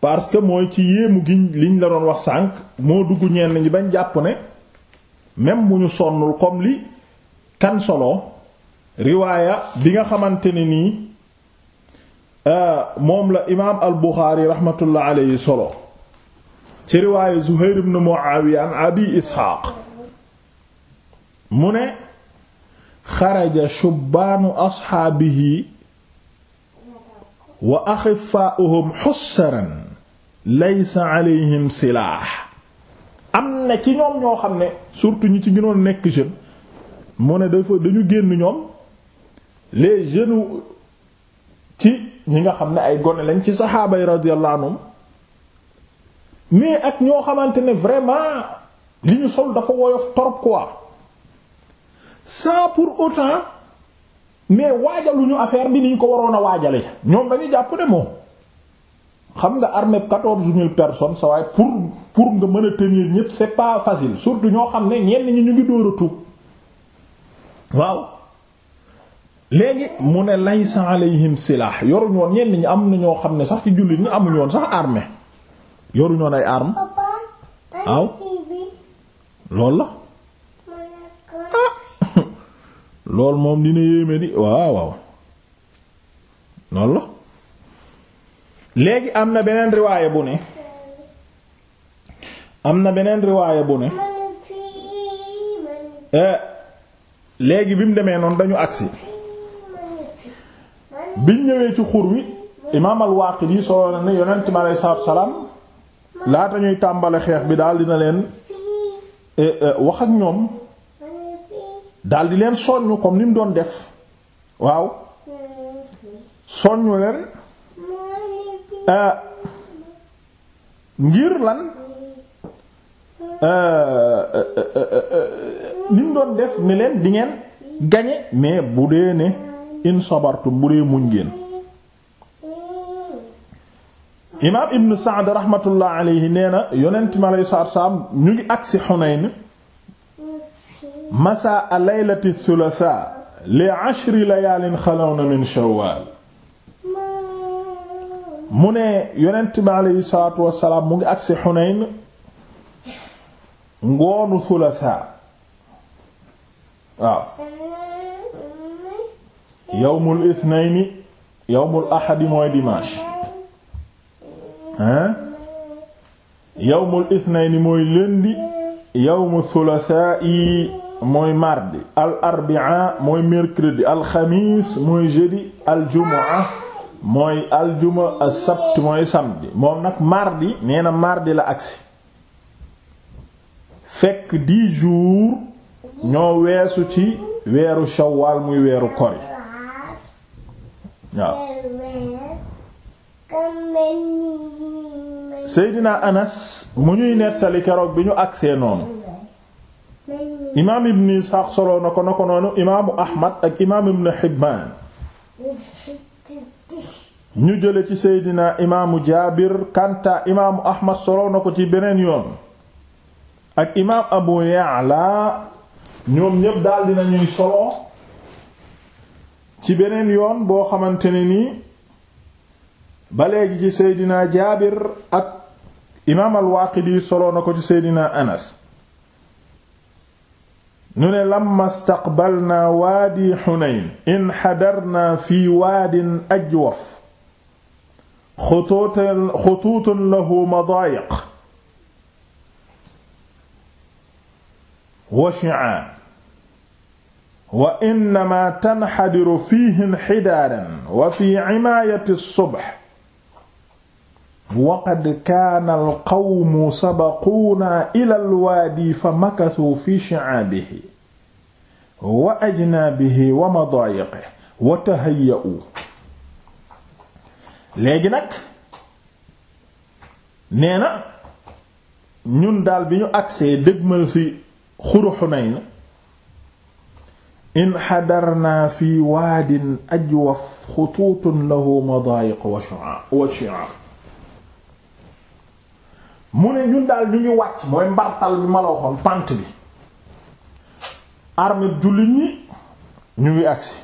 parce que mooy ci yéemu giñ liñ la doon wax sànq moo dugg ñenn ñi bañ jàpp ne même bu ñu sonnul comme li kan solo riwaaya bi nga xamante ne nii Euh, moom la imaam al buxaari raxmatullah alayhi solo ci riwaaye zuhayr ibn muawiya an abi isxaaq mu ne xaraja shubbaanu asxaabihi wa axifaa'uhum xussaran laysa alayhim silaax am na ci ñoom ñoo xam ne surtout ñi ci gënoon nekk jeune mu ne dafa dañu génn ñoom les jeunes ci ñi nga xam ne ay gone lañ ci saxaaba yi radiyallahu anhum mais ak ñoo xamante ne vraiment li ñu sol dafa woyof trop quoi sans pour autant mais waajaluñu affaire bi ni ñu ko waroon a waajale ñoom dañu jàpp ne moom xam nga armée quatorze mille personnes sa waaye pour pour nga mën a tenir ñépp c'est pas facile surtout ñoo xam ne ñenn ñi ñu ngi dóor a waaw léegi mu ne laysa alayhim silah yoruñu woon ñenn ñi am na ñoo xam ne sax ci jullit ñi amuñu woon sax arme yoruñu woon ay arme waaw loolu la *laughs* moom dina yéeme di léegi am na beneen riwaaya bu ne am na beneen riwaaya bu ne eh, léegi bi mu demee noonu dañu agsi biñ ñëwee ci xur wi imaam al yi soo na ne yonent mi salaam laata ñuy tàmbali xeex bi daal dina leen eh, eh, wax ak ñoom daal di leen soññu comme ni mu doon def waaw soññu leen eh, ngir lan ni mu doon def ni leen di ngeen gañe mais bu dee ne. in sabartum bu dee muñ ngeen imaam ibn Sa'd rahmatullah nee na yonent mi alayhi salaatu salaam ñu ngi agsi Hunayn masaa laylati thulatha li ashri layaalin min shawwal mu ne yonent bi mu ngi agsi Xunayn ngoonu thulatha waaw yawmul ithnayni yawmul ahadi mooy dimanche hein yawmul ithnayni mooy lundi yawmul thulathaa'i mooy mardi al arbia mooy mercredi al xamiis mooy jeudi al jumaa mooy al jumaa al sabt mooy samedi moom nag mardi nee na la agsi fekk dix jours ñoo weesu ci weeru shawaal muy weeru kori waaw Seydina Anas mu ñuy nettali keroog bi ñu agsee noonu imaam Ibn Isxaaq solo na ko na ko noonu imaamu Ahmad ak imaam Ibn Hibbaan ñu jële ci Seydina imaamu Jaabir Kanta imaamu Ahmad solo na ko ci beneen yoon ak imaam Abu Ya'la ñoom ñépp daal dinañuy solo ci beneen yoon boo xamante ne nii ba léegi ci seydina jaabir ak imaam al-Waaqidi soloo na ko ci seydina anas ñu ne lamma staqbalnaa waadi xunayn inxadarnaa fi waadin ajwaf xutuutun lahu madaayiq wa shi'aan wa innama tanxadiru fiihi inxidaaran wa fi cimaayati subx waqad kaana alqawmu sabaquuna ila alwaadi fa makasuu fi shicaabihi wa ajnaabihi wa madaayiqihi wa tahayya'uu léegi nag nee na ñun daal bi ñu agsee dëgmal ci xuru Xunayn in xadarna fi waadin ajwaf xutuutun lahu madaayiq wa shu'aab mu ne ñun daal ñu ngi wàcc mooy mbartal bi ma la waxoon pant bi armée jullit ñi ñu ngi agsi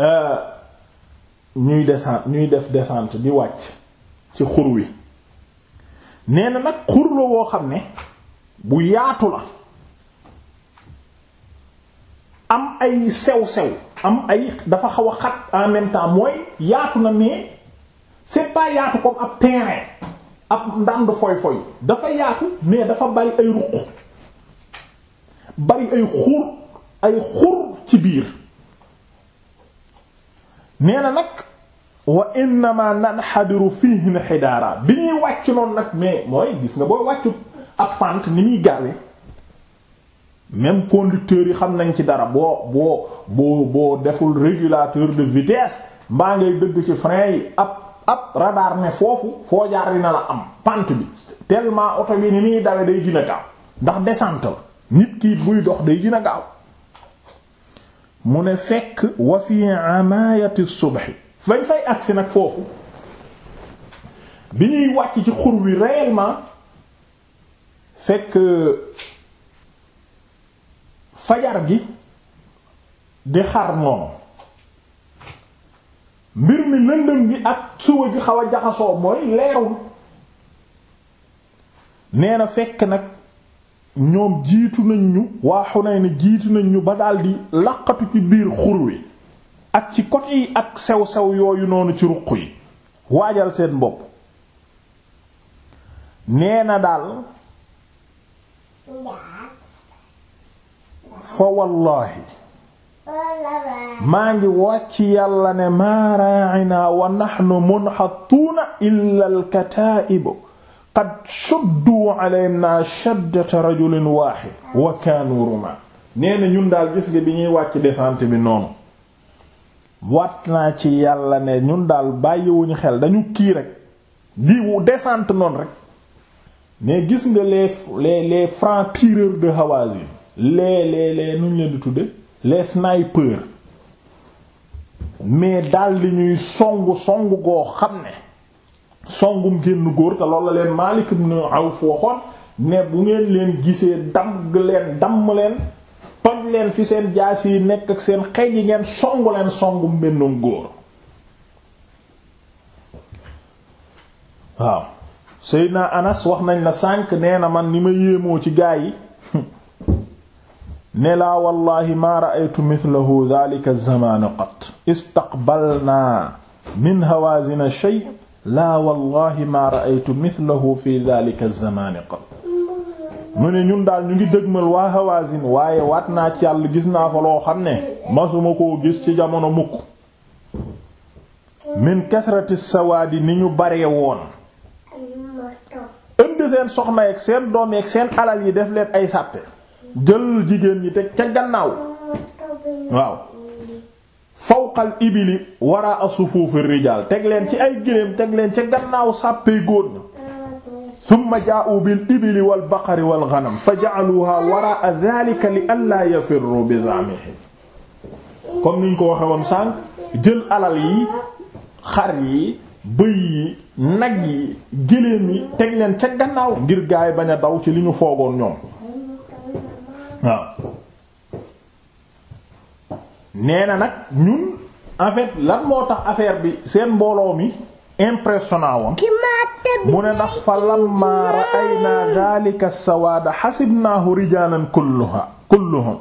euh, ñuy def desant di wàcc ci xur wi nee na nag xur la woo xam ne bu yaatu la am ay sew-sew am ay dafa xaw a xat en même mooy yaatu na mais c'est yaatu comme ab terrain ab ndànd foy-foy dafa yaatu mais dafa bari ay ruq bari ay xur ay xur ci biir nee na nag wa innama nanxadiru fiihi inxidaara bi ñuy wàcc noonu nag mais mooy gis nga booy wàccu ab pente ni muy gaawee même conducteurs yi xam nañ ci dara boo boo boo boo deful régulateur de vitesse mbaa ngay dëgg ci frein yi ab ab radar ne foofu foo jaar na la am pant bi tellement oto yi ni muy dawe day gën a gaaw ndax descente la nit ki buy dox day gën gaaw mu ne fekk wa fi amayati subhi fañ fay agsi nag foofu bi ñuy wàcc ci xur wi réellement fekk fajar gi di xar noonu mbir mi lëndëm gi ak suba gi xaw a jaxasoo mooy leerul nee na fekk nag ñoom jiitu nañ ñu waa Xunayn jiitu nañ ñu ba daldi laqatu ci biir xur wi ak ci côté yi ak sew sew yooyu noonu ci ruq yi waajal seen bopp nee na daal fa wallaahi maa ngi wàcc yàlla ne maa ra'ina wa nahnu munhatuuna illa al-kataa'ib qad shuddu alaynaa shaddata rajulin waahid wa kaanu rumaa nee na ñun daal gis nga bi ñuy wàcc descente bi noonu waat naa ci yàlla ne ñun daal bàyyiwuñu xel dañu kii rek di descente noonu rek mais gis nga les les les francs tireurs de Hawazin les les les nu ñu leen di tudde les snipers mais daal li ñuy songu songu goo xam ne songum génn góor te loolu la leen Maalik ibn Awf waxoon ne bu ngeen leen gisee damg leen damm leen pam leen fi seen jaas yi nekk ak seen xëy yi ngeen songu leen songum mbennum góor waaw Seydina Anas wax nañ la sànq nee na man ni ma yéemoo ci gaa yi ne laa wallahi maa ra'aytu mithlahu dhalika zamana qat istaqbalna min hawazin shay laa wallahi maa ra'aytu mithlahu fi dhalika zamani qat mu ne ñun daal ñu ngi dëgmal waa hawazin waaye waat naa ci yàlla gis naa fa loo xam ne masuma ko gis ci jamono mukk min kathrati ni ñu bare woon indi seen soxna doom yeeg alal yi def leen ay sàppe jël jigéen ñi teg ca gannaaw waaw fawqal ibili wara asufuufi rijaal teg leen ci ay géléem teg leen ca gannaaw sàppee góor ña summa jaa'u bil ibili wal baqari wal ghanam fa ja'aluha wara dhalika li alla yafirru bi zamihim comme niñ ko waxe woon sànq jël alal yi xar yi bëy yi nag yi géléem yi teg leen ca gannaaw ngir gaay bañ a daw ci li ñu foogoon ñoom nee na nag ñun en fait lan moo tax affaire bi seen mbooloo mi impressionnant woon mu ne ndax fa lamma ra'ayna dhalika as-sawada hasibnahu rijalan kulluha kulluhum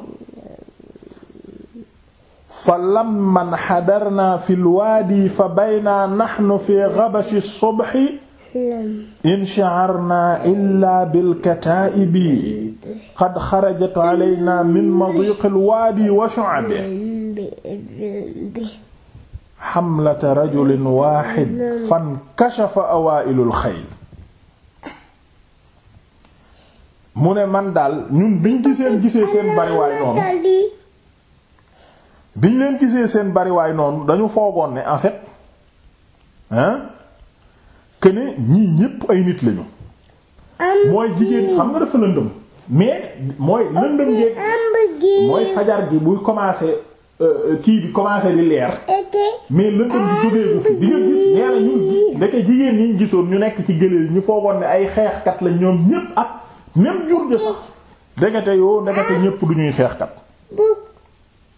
fa lamman hadarna fil wadi fa bayna nahnu fi ghabashi as-subhi in sha'arnaa illaa bilkataa'ibi qad xarajat alaynaa min madiiqil waadi wa shu'abihi hamlata rajulin waahid fankashafa awaa'ilul xayl mu ne man daal ñun biñ giseen gisee seen bariwaay noonu gisee seen bariwaay noonu dañu foogoon ne en fait que ne ñii ñépp ay nit lañu. mooy jigéen xam nga dafa lëndëm. mais mooy lëndëm geeg mooy fajar gi buy commencer euh, euh, kii bi commencer di leer. mais lëndëm gi jógeegu fi di nga gis nee jigéen ñi ñu gisoon ñu nekk ci gëléel ñu foogoon ne ay xeexkat la ñoom ñépp ak même jur gi sax ndekete yoo ndekete ñépp du ñuy xeexkat.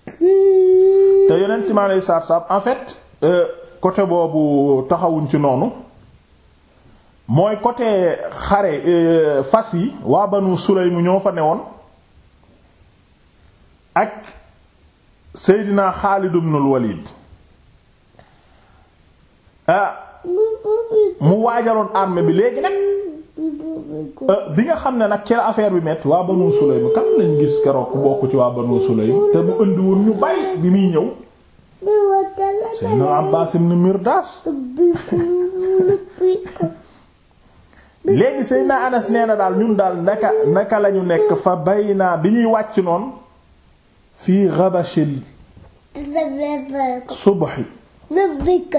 te yeneen ci maa lay saab saab en fait euh, côté boobu taxawuñ ci noonu. mooy côté xare euh, fas yi waa banu Sulaym ñoo fa newoon ak Seydina Xaalid ibn al ah, mu waajaroon armée bi léegi nag euh, bi nga xam ne nag ci la affaire bi metti waa banu Sulaym kan lañ gis keroog bokk ci waa banu Sulaym te bu indiwoon ñu bàyyi bi muy ñëw Seydina Abbaas ibn Mirdaas *laughs* léegi Seydina Anas nee na daal ñun daal naka naka la ñu nekk fa bay naa bi ñuy wàcc noonu fii rabashil subaxi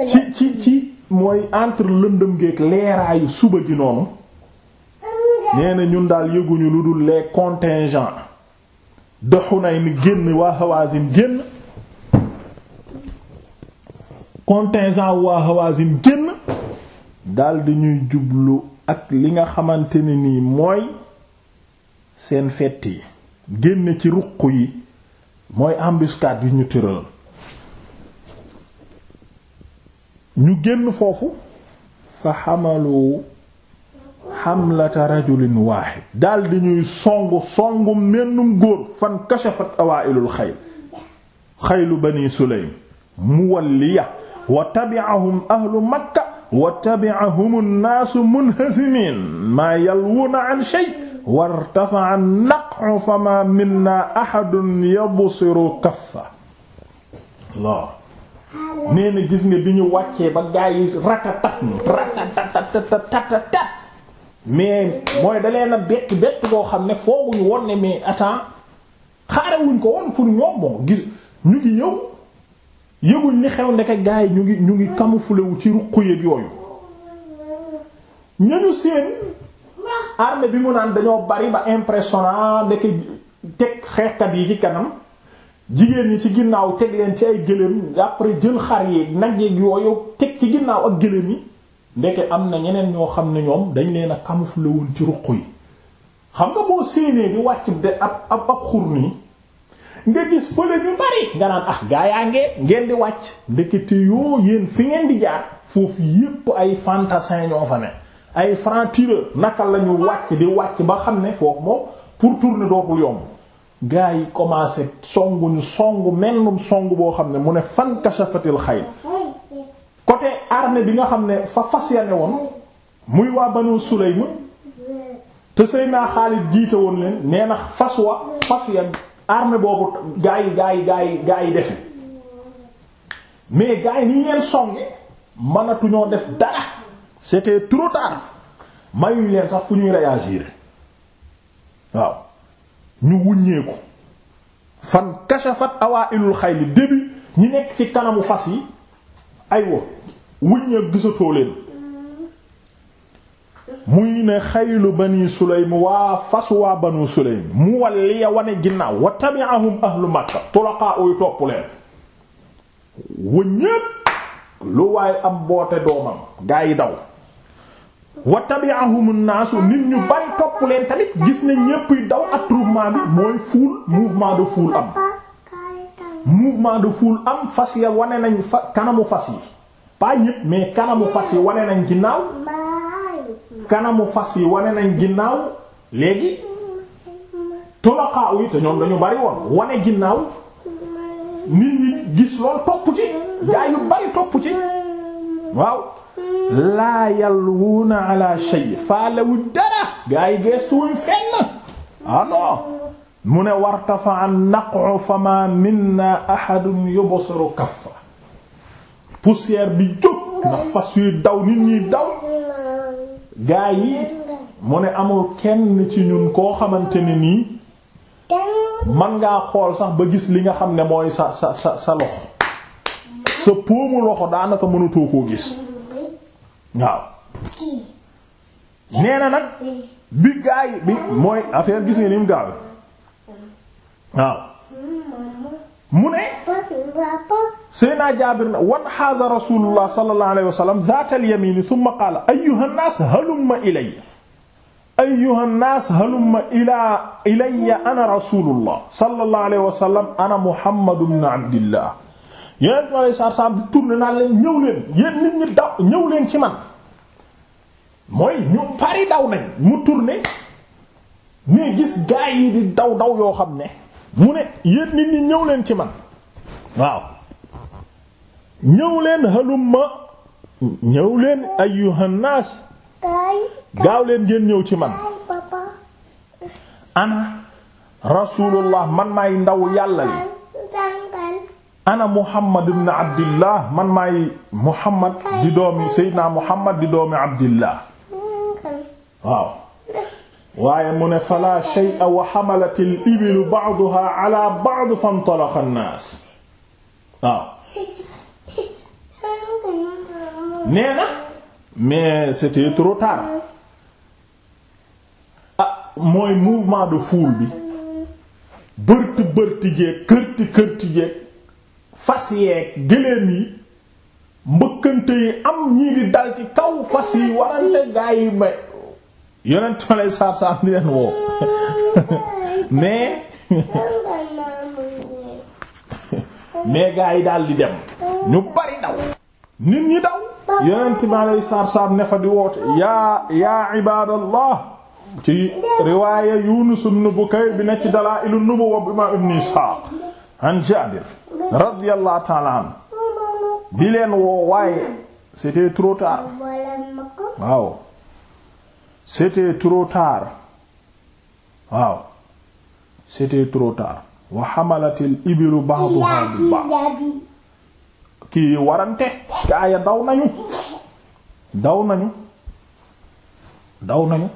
ci ci ci mooy entre lëndëm géeg leeraayu suba gi noonu nee ñun daal yëguñu lu dul les contingents de Hunayn génn waa Hawazin génn contingent waa génn daal ñuy jublu ak li nga xamante ne nii mooy seen fett yi génne ci ruq yi mooy embuscade yi ñu tëral ñu génn foofu fa xamalu xamlata rajulin waaxid daldi ñuy songu songu mennum góor fan kashafat awaailul xayl xaylu bani sulaym muwalliya wa tabi'ahum ahlu makka wattabi'ahum an-naasu munhazimiin maa yalwuuna an shay wartafa'a an-naq'u famaa minnaa ahadun yabsiru kaffa waaw na gis nga bi ñu wàccee ba gaa yi ratatat ratatatatatat mooy dalee na bett bett koo xam ne fooguñu woon ne mais attends xaarawuñ ko woon pour ñoom bon gis ñu ngi ñëw yëguñ ni xew ndeke gaa yi ñu ngi ñu ngi camouflé wu ci ruq yooyu ñañu seen armée bi mu naan dañoo bari ba impressionnant ndeke teg xeexkat yi ci kanam jigéen ñi ci ginnaaw teg leen ci ay gëléem après jël xar yi nag yeeg yooyu teg ci ginnaaw ak gëléem yi ndeke am na ñeneen ñoo xam ne ñoom dañ leen a camouflé woon ci ruq yi xam nga boo séenee di wàcc de ab ab ab xur nii nga gis fële ñu bari nga naan ah gaa yaa ngee ngeen di wàcc ndekete yoo yéen fi ngeen di jaar foofu yépp ay fantasin ñoo fa ne ay francs naka lañu ñu wàcc di wàcc ba xam ne foofu moom pour tourner dootul yomb gaa yi commencé songuñu songu mennum songu boo xam ne mu ne fan kashafatil xayl côté armée bi nga xam ne fa fas ya ne woon muy waa Banu Sulaym te Seydina Xaalid jiite woon leen nee na fas wa fas ya armée boobu gaa yi gaa yi gaa yi gaa yi defi mais gaa yi leen songe mënatuñoo def dara c'était trop tard mayuñ leen sax fu ñuy réagir waaw ñu wuññeeku fan kashafat xay xayli début ñi nekk ci kanamu fas yi aywa wuññeeku gisatoo leen muy ne xaylu bani sulaym waa fasu waa banu sulaym mu walliya wane ginnaaw wa tabi'ahum ahlu makka tulaqaa topp leen wa ñépp lu waaye am boote doomam gaa yi daw wa tabi'ahum an-naasu nit ñu bari topp leen tamit gis ne ñéppuy daw attroupement bi mooy foule mouvement de foule am am fas ya wane nañ fa kanamu fas yi pas ñépp mais kanamu fas yi wane nañ ginnaaw kanamu fas yi wane nañ ginnaaw léegi tulaqaaw yi te ñoom dañu bari woon wane ginnaaw nit ñi gis lool topp ci gaa yu bari topp ci waaw laa yalwuuna ala shay faalewu dara gaa yi geestuwuñ fenn ah mu ne wartafa an naqu fa ma minna ahadun yubsiru kaffa poussière bi jóg ndax fas yuy daw nit ñi daw gaa yi mu ne amul kenn ci ñun koo xamante ne nii man ngaa xool sax ba gis li nga xam ne mooy sa sa sa sa loxo sa póomu loxo daanaka mënatoo koo gis waaw nee na nag bi gaa yi bi mooy affaire gis nga ni mu gaaw waaw mu ne Seydina Jaabir na wan xaaza rasulullah sallallahu alayhi wa sallam zaatal yamini thumma qaala ayyuhan naas halumma ilayya ayyuhan naas halumma ilaa ilayya ana rasulullah sallallahu alayhi wa sallam ana Muhammadu bnu Abdillah yonent bi alayhi salaatu salaam di tourné naan leen ñëw leen yéen nit ñi daw ñëw leen ci man mooy ñu pari daw nañ mu tourné mais gis gaa yi di daw daw yoo xam ne mu ne yéen nit ñi ñëw leen ci man waaw. ñëw leen halumma ñëw leen ayyuhan naas gaaw leen ñëw ci man ana rasulullah man maay ndaw yàlla li ana muhammad ibn abdillah man maay muhammad di doomi seydina muhammad di doomi abdillah waaw waaye mu ne fala shay'a wa hamalat al-ibilu ba'daha ala ba'd fantalaqa nee na mais c'était trop tard ah mooy mouvement de foule bi bërti bërti jeeg kërti kërti jeeg fas yeeg gëléem yi mbëkkante yi am ñii di dal ci kaw fas yi warante gaa yi may yonent ma lay saar saar di leen woo *laughs* mais *laughs* mais gaa yi daal di dem ñu bari daw nit ñi daw yonent bi alayhi salaatu salaam ne fa di woote yaa yaa ibaadallah Yunus ibn Bukayr bi ne ci Dalaa'ilu Nubuwwa bi imaam an Jaabir radiyallahu ta'ala anhu di leen woo waaye c'était trop tard waaw c'était trop tard waaw c'était trop tard wa hamalatil ibilu ba'duhaa bi ba'd kii warante gaaya daw nañu daw nañu daw nañu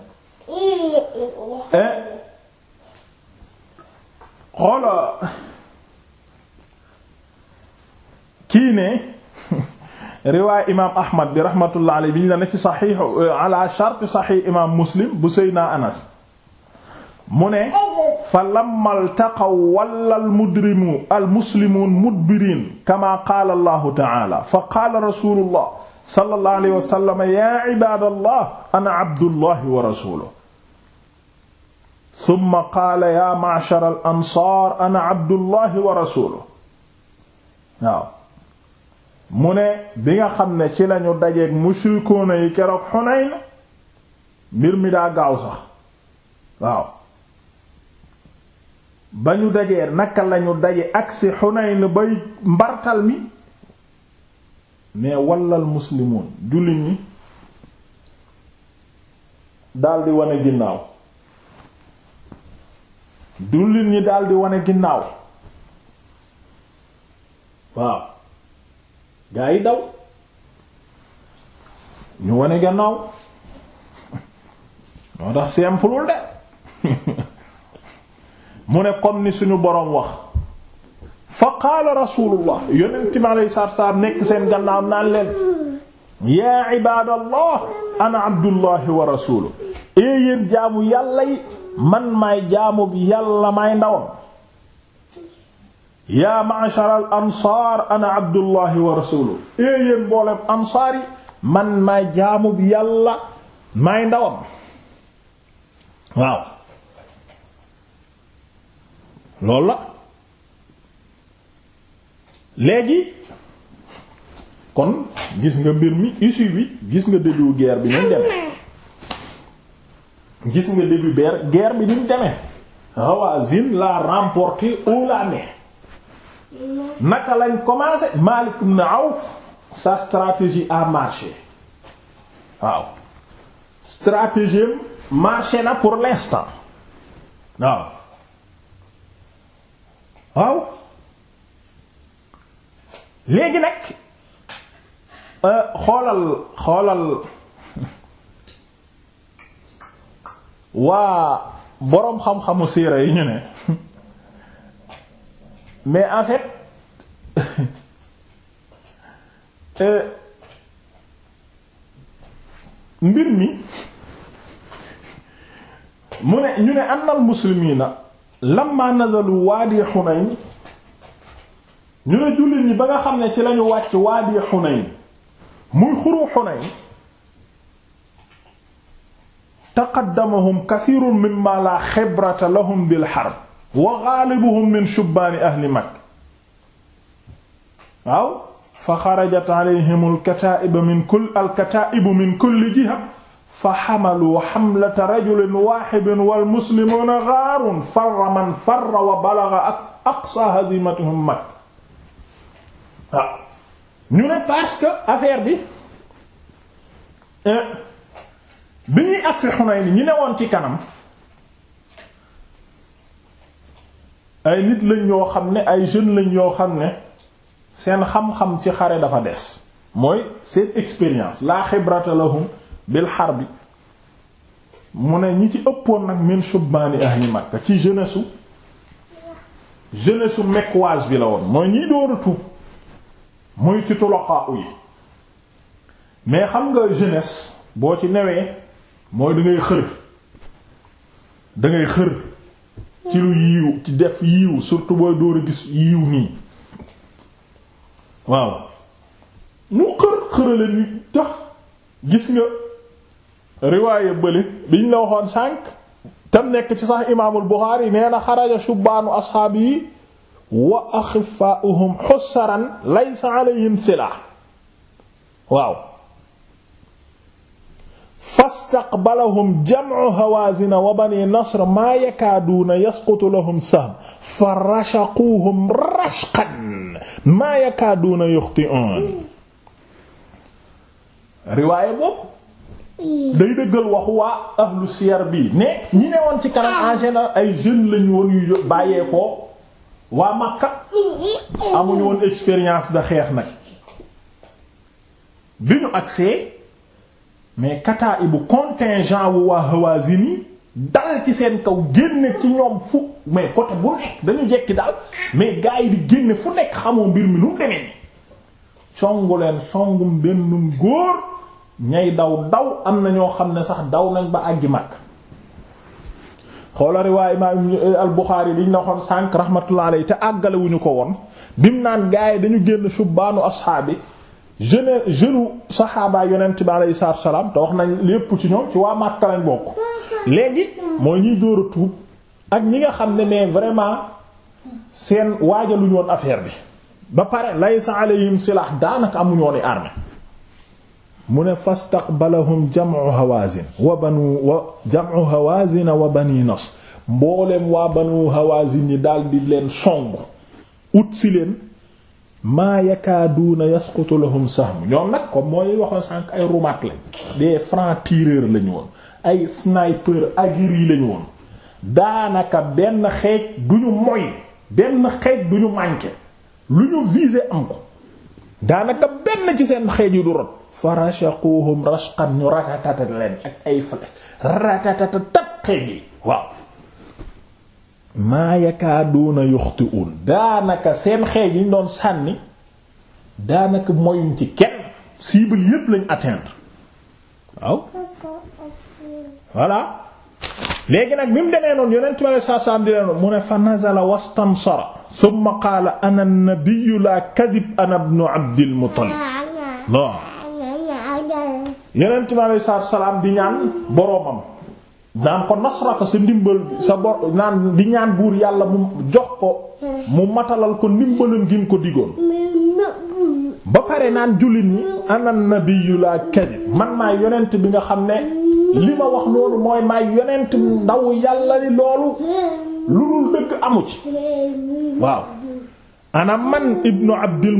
eh? xoola kii ne *laughs* riwaay imaam Ahmad bi rahmatullah alayhi bi ñu la ne ci saxiix ala shart saxiix imaam Muslim bu Seydina Anas mu ne fa lammal taqaw walla almudrimu almuslimuun mudbiriin kama qaala allahu taala fa qaala rasulullah sallallahu alayhi wa sallam ya ibaadallah ana abdullahi wa rasuluhu summa qaala ya ma'shar al ansaar ana abdullahi wa rasuluhu waaw mu ne bi nga xam ne ci lañu dajeek mushrikuuna yi keroog Xunayn mbir mi daa gaaw sax ba ñu dajee naka lañu daje agsi Xunayn bay mbartal mi mais wallal muslimoon jullit ñi daldi wane ginnaaw jullit ñi daldi wane ginnaaw waaw gaa yi daw ñu wane gannaaw *laughs* moo tax simplul de *laughs* mu ne comme ni suñu boroom wax fa qaala rasulullah yonent mi salaam nekk seen gannaaw naan leen yaa ibaadallah ana abdullahi wa rasuluhu ee jaamu yàlla yi man may jaamu bi yàlla maay ndawam yaa ma'shar al ansaar ana abdullahi wa rasuluhu ee yéen mboolem ansaar man maay jaamu bi yàlla maay ndawam loolu la léegi kon gis nga mbir mi issue bi gis nga début guerre bi ni mu demee gis nga début guerre guerre bi ni mu demee Hawazin la remporté haut la naka lañ commencé Malik ibn Auf sa stratégie a marché waaw stratégie marché na pour l'instant waaw waaw léegi nag euh, xoolal xoolal *laughs* waa boroom xam-xamu siira yi ñu ne *laughs* mais en *laughs* euh, mbir mi mu ne ñu ne annal muslimiina lamma nazalu waadi xunayn ñu ne jullit ñi ba nga xam ne ci lañu wàcc waadi xunayn muy xuru xunayn taqaddamahum kathirun mimma la xibrata lahum bil harb wa ghalibuhum min shubbaani ahli makka waaw fa xarajat alayhim al min kulli jiha fa xamalu xamlata rajulin waaxidin wal muslimuuna gaarun farra man farra wa balaga aqsa hazimatihum mag waaw ah. ñu ne parce que affaire bi eh, bi ñuy agsi Xunayn ñi newoon ci kanam ay nit lañ yoo xam ne ay jeune lañ yoo xam ne seen xam-xam ci xare dafa des mooy seen expérience la xibrata lahum bil bi mu ne ñi ci ëppoon nag min shubbaani ahli makka ci jeunesse su jeunesse su mecquoise bi la woon mooy ñiy dóor a ci tulaxaa yi mais xam nga jeunesse boo ci newee mooy da ngay xër da xër ci lu yiiw ci def yiw surtout booy dóor a gis yiiw nii waaw ñu xër xërale ni tax gis nga riwaaye bële biñ la waxoon sànq tam nekk ci sax imaamul Buxaari nee na xaraja shubbaanu asxaabi yi wa axiffaa'uhum xussaran laysa alayhim sila waaw fastaqbalahum jam'u hawaazin wa bani nasr maa yakaaduuna yasqutu lahum sahm fa rashaquuhum rashqan maa yakaaduuna yuxti'uun riwaaye boobu day dëggal waxu waa ahlu siyar bii ne ñi ne woon ci kanam ah. en général ay jeunes lañu woon yu bàyyeekoo waa Makka amuñu woon expérience de xeex nag bi ñu agsee mais kataa bu contingent wu waa Hawazini dal ci seen kaw génne ci ñoom fu mais côté bu nekk dañu jekki daal mais gars yi di génne fu nekk xamoo mbir mi nu mu demee songu leen songum bennum góor ñay daw daw am na ñoo xam ne sax daw nañ ba àggi mag xoola riwaay ma eh, al-Buxaari liñ la waxoon sànq rahmatullah alayhi te àggalewuñu ko woon bim naan gaa yi dañu génn subbaanu ashaabi jeune jeune saxaaba yonent bi alayhi salaatu salaam te wax nañ lépp ci ñoom ci waa Makka lañ bokk léegi mooy ñuy dóor ak ñi nga xam ne mais vraiment seen waajaluñu woon affaire bi ba pare laysa alayhim silaah daanaka amuñu woon armée mu ne fastaqbalahum jam'u hawazin wa banu wa jam'u hawazin wa bani hawazin yi daal di leen song ut si leen maa yakaaduuna yasqutu lahum sahm ñoom nag comme mooy waxoon sànq ay rumaat lañ des francs tireurs lañu woon ay sniper aguerris lañu woon daanaka benn xeej du ñu moy benn xeej du ñu manqué lu ñu viser am ko daanaka benn ci seen xeej yi du rot farashaquhum rashqan ñu ratatatat leen ak ay fat ratatatatat xeej yi waaw maa yakaaduuna yuxti'uun daanaka seen xeej yi ñu doon sànni daanaka moyuñ ci kenn cible yépp lañ atteindre waaw voilà léegi nag bi mu demee noonu yonent bi saa saa di leen mu ne fa nazala wastansara thumma qaala ana nabiyyu laa ana ibnu abdil muttalib yonent di ñaan boroomam naan ko nasraka sa ndimbal sa bor naan di ñaan buur yàlla mu jox ko mu matalal ko ndimbalam gi ko digoon ba pare naan jullit ñi ana nabiyyu laa man maa yonent bi nga xam ne li ma wax noonu mooy may yonent ndaw yàlla li loolu lu dul dëgg amu ci waaw ana man ibnu abdul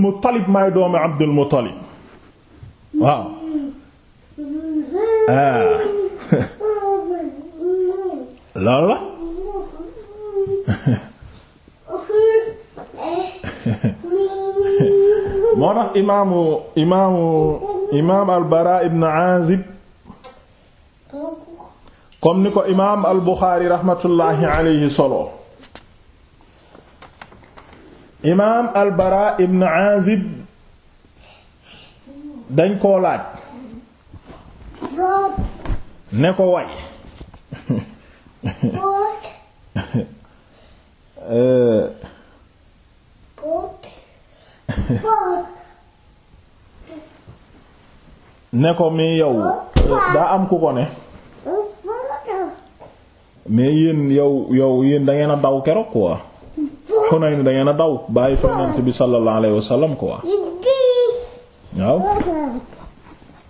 may doomi abdul waaw ah. *laughs* loolu la *laughs* moo tax imaamu imaamu imaam al baraa aazib comme ni ko imaam al Buxaari raxmatullaahi alayhi solo imaam al Baraa ibn Aazib dañ koo laaj ne ko way *laughs* *laughs* ne ko mais yow daa am ku ko ne mais yéen yow yow yéen dangeen a daw keroog quoi xunay ni da a daw bàyyi fa Yonent bi sallallahu alayhi wa sallam quoi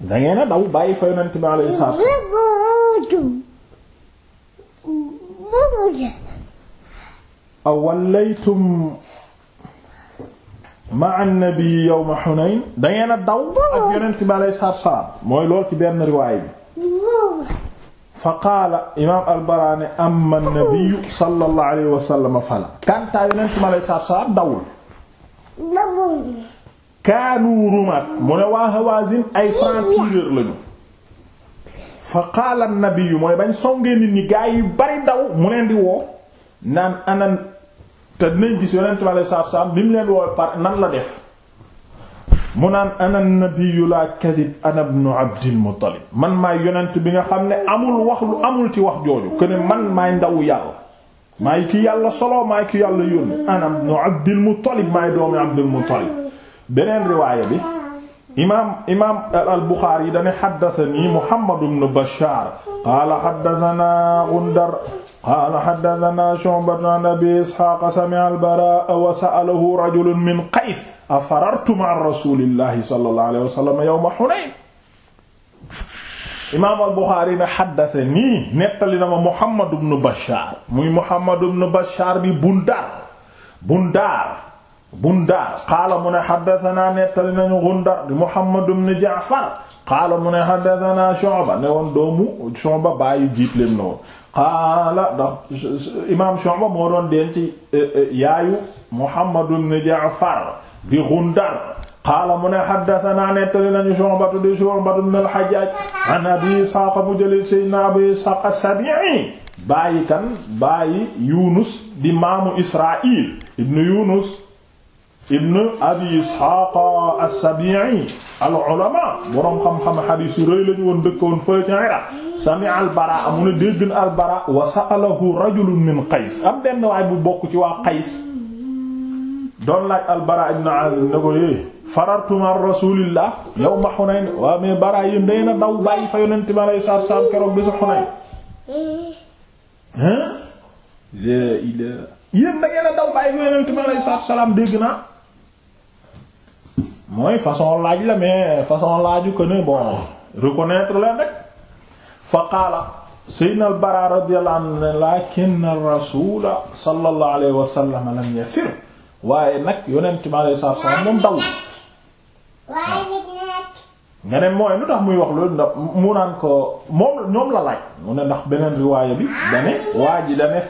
ngeen a daw bàyyi fa Yonent bi alayhi salaatu ma yow ma Hunayn dangeen a daw ak yonent bi alayhi mooy lool ci benn riwaay fa qaala imaam al-Baraa ne amma nabiyu sallallahu alayhi wa sallam fala kantaa yonent bi alayhi salaatu wa salaam dawul kaanu rumaat mu ne waa Hawaazin ay francs-tireurs lañu fa qaala nabiyu mooy bañ songee nit ñi bari daw mu leen woo te dinañ gis yonent bi alei satu salaam bi mu leen woowe par nan la def mu naan ana nabiyyu laa kadib ana ibnu abdil muttalib man maay yonent bi nga xam ne amul wax lu amul ci wax jooju que ne man maay ndawu yàlla maay ki yàlla solo maay ki yàlla yónni ana ibnu abdil muttalib maay doomi abdil muttalib beneen riwaaya bi imaam imaam al buxaari yi dane xaddatani muhammad ibnu bashaar qaala xaddatanaa gundar qaala xaddatanaa Shu'ba an Abi Isxaaq sami'a al-Baraa wa sa'alahu rajulun min Qays afarartu ma'a rasuulillaahi sallallaahu alayhi wa sallam yawma Hunayn imaam al-Buxaari ne xaddatanii nettali na ma Muhammad ibn Bashaar muy Muhammad ibn Bashaar bi Bundaar Bundaar Bundaar qaala mu ne xaddatanaa nettali nañu Gundar di Muhammad ibn Ja'far qaala mu ne xaddatanaa Shu'ba ne woon doomu Shu'ba bàyyi jiit leen na woon qaala ndax imaam Shu'ba moo doon denc eh, eh, yaayu Muhammad ibn Ja'far di Gundar qaala mu ne haddathana nettali nañu Shu'ba di Shu'ba ibn al-Hajjaj an Abi Ishaq mu jële Seydina Abi Ishaq as-Sabi'i bàyyi kan bàyyi Yunus di maamu Israa'il ibn Yunus ibn abi ishaqa as-sabi'i al-ulama boroom xam-xam xadiis yu rëy lañu woon dëkkoon fële ca Iraq sami'a al-Baraa mu ne dégg na al-Baraa wa sa'alahu rajulun min Qays am benn waay bu bokk ci waa Qays doon laaj al-Baraa ibn Aazib ne ko yéey eh, farartum an Rasuulillah yawma Hunayn waaw mais Baraa yéen day na daw bàyyi fa yonent ma lay saar saar keroog bisu Hunayn hein yéen da ngeen a daw bàyyi fa yonent ma lay saar salaam dégg naa mooy façon laaj la mais façon laaj que ne bon reconnaître leen rek fa al-Bara radiyallahu anhu ne lakin ar-rasula sallallahu alayhi wa sallam lam waaye nag yonent mi alayhi salaatu wa salaam moom daw nga ne mooy bi dane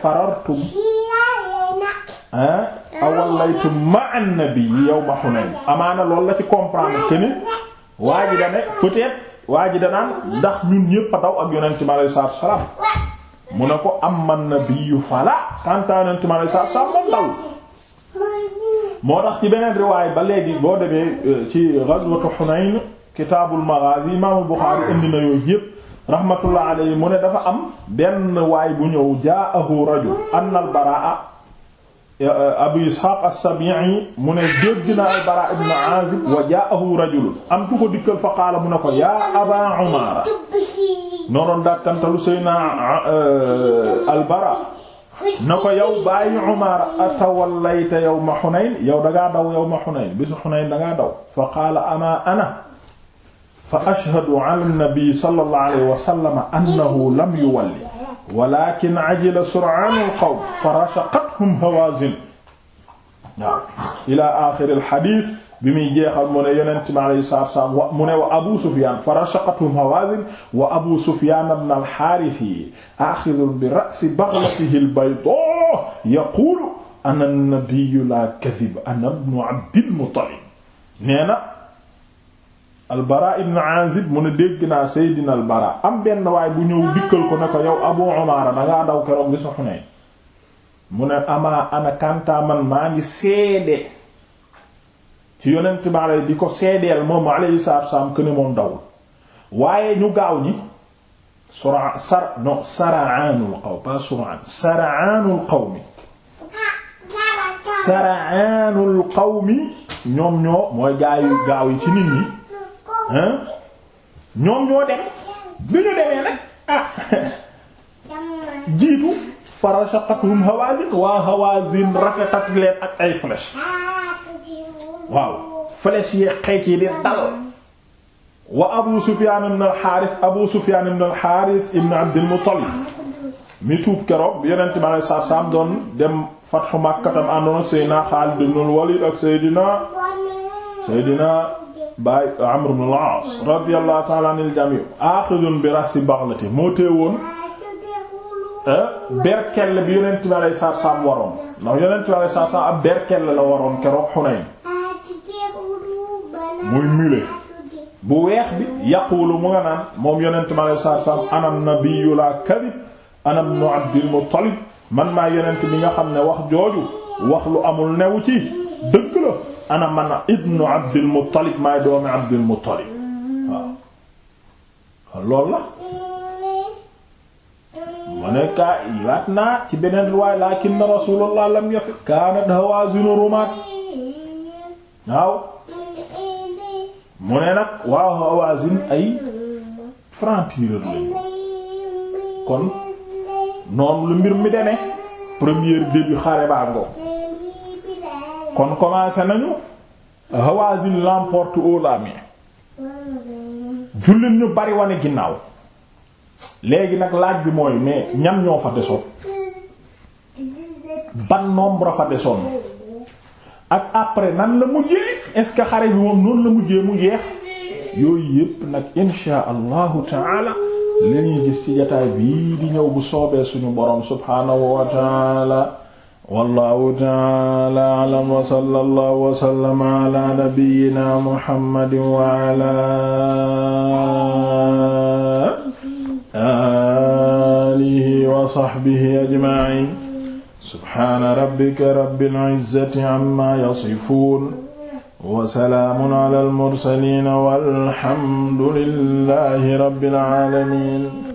awallaytu ma'a an yow yawma Hunayn amaana loolu la ci comprendre que ne waa ji da ne peut-être waa ji da naan ndax ñun ñépp a daw ak yonent mi alayhi salaatu mu ne ko am an-nabiyyu fala kanta yonent mi alayhi salaatu wa moo tax ci beneen riwaay ba léegi boo demee euh, ci ghazwatu Hunayn kitaabul maghaazi imaamul Buxaari indi na yooyu yépp rahmatullah alayhi mu ne dafa am benn waay bu ñëw jaa'ahu rajul anna al-baraa'a Eh, Abu Ishaq as-Sabi'i mu ne dégg na al-Bara ibn Azib wa ja'ahu rajul am ku ko dikkal fa qaala mu ne ko yaa Aba Umara nooroon dàkkantalu Seydina eh, al-Bara na ko yow bàyyi Umar atawallayta yawma Hunayn yow dangaa daw yawma Hunayn bisu Hunayn dangaa daw fa qaala ama ana fa ashhadu ala an-nabi sallallahu alayhi wa sallam annahu lam yuwalli walakin ajila sur'aanul qawm farashaqathum hawaazin waaw ila axiri alxadis bi muy jeexal mu ne yonent mi alayhi salaatu wassalaam mu ne wa abu sufyaan farashaqathum hawaazin wa abu sufyaan ibn alxaaris yi axidun bi ra'si baghlatihi albaydaa yaquulu ana nabiyyu laa kadhib ana ibnu abdil muttalib nee na albara ibn azib mu ne dégg naa seydina albara am benn waay bu ñëw dikkal ko ne ko yow abu umaara dangaa daw keroog bi sa Xunayn mu ne amaa ana man maa ngi seede ci yonent bi di ko seedeel moom alayhi salaatu wassalaam këne moom dawul waaye ñu gaaw ñi suraan saraanul qawmi saraanul qawmi ñoom ñoo mooy gaaw yi ci nit ñi ñoom ñoo dem bi ñu demee nag ah jiitu farashaqathum hawazin waa hawazin ratatat leen ak ay flèche waaw flèche yi xeec yi di dal wa abu sufyan ibn al harith abu al harith ibn abd muttalib mi tuub keroog yonent bi alei satu salaam dem fathu makkatam àndoon ak seydina xaalid ibn al walid ak seydina seydina baay Amr ibn al-As radiyallahu ta'ala anil jami' axidun bi rasi baghlati moo teewoon ah, berkelle bi yonent bi alayhi salaatu salaam waroon ndax yonent bi alayhi salaatu ab berkelle la waroon keroog Hunayn muy mule bu weex bi yaqulu mu nga naan moom yonent bi alayhi salaatu ana nabiyyu laa kadhib ana ibnu Abdil Muttalib man maa yonent bi nga xam ne wax jooju wax lu amul newu ci dëgg la ana man ibnu abdil muttalib maay doomi abdil muttalib waaw loolu la mu ne kaa waat naa ci beneen riwaay lakinna rasulullah lam yafiq kaanat hawazinu rumaat waaw mu ne nag waaw hawazin ay francs-tireurs kon noonu lu mbir mi demee première début xare baa ngoom kon commencé nañu Hawazin l'emporte haut la jullit ñu bari wane ginnaaw léegi nag laaj bi mooy mais ñam ñoo fa desoon ban nombre fa desoon ak après nan la mujjee est-ce que xare bi moom noonu la mujjee mu jeex yooyu yépp nag insha allahu taala lañuy gis ci jataay bii di ñëw bu soobee suñu boroom subhaanahu wa wallahu taala alam wa sallallahu wa sallama ala nabiyyina muhammadin wa ala alihi wa sahbihi ajma'in subhana rabbika rabbil izzati amma yasifun wasalaamun ala almursalin walhamdulillahi rabbil alamin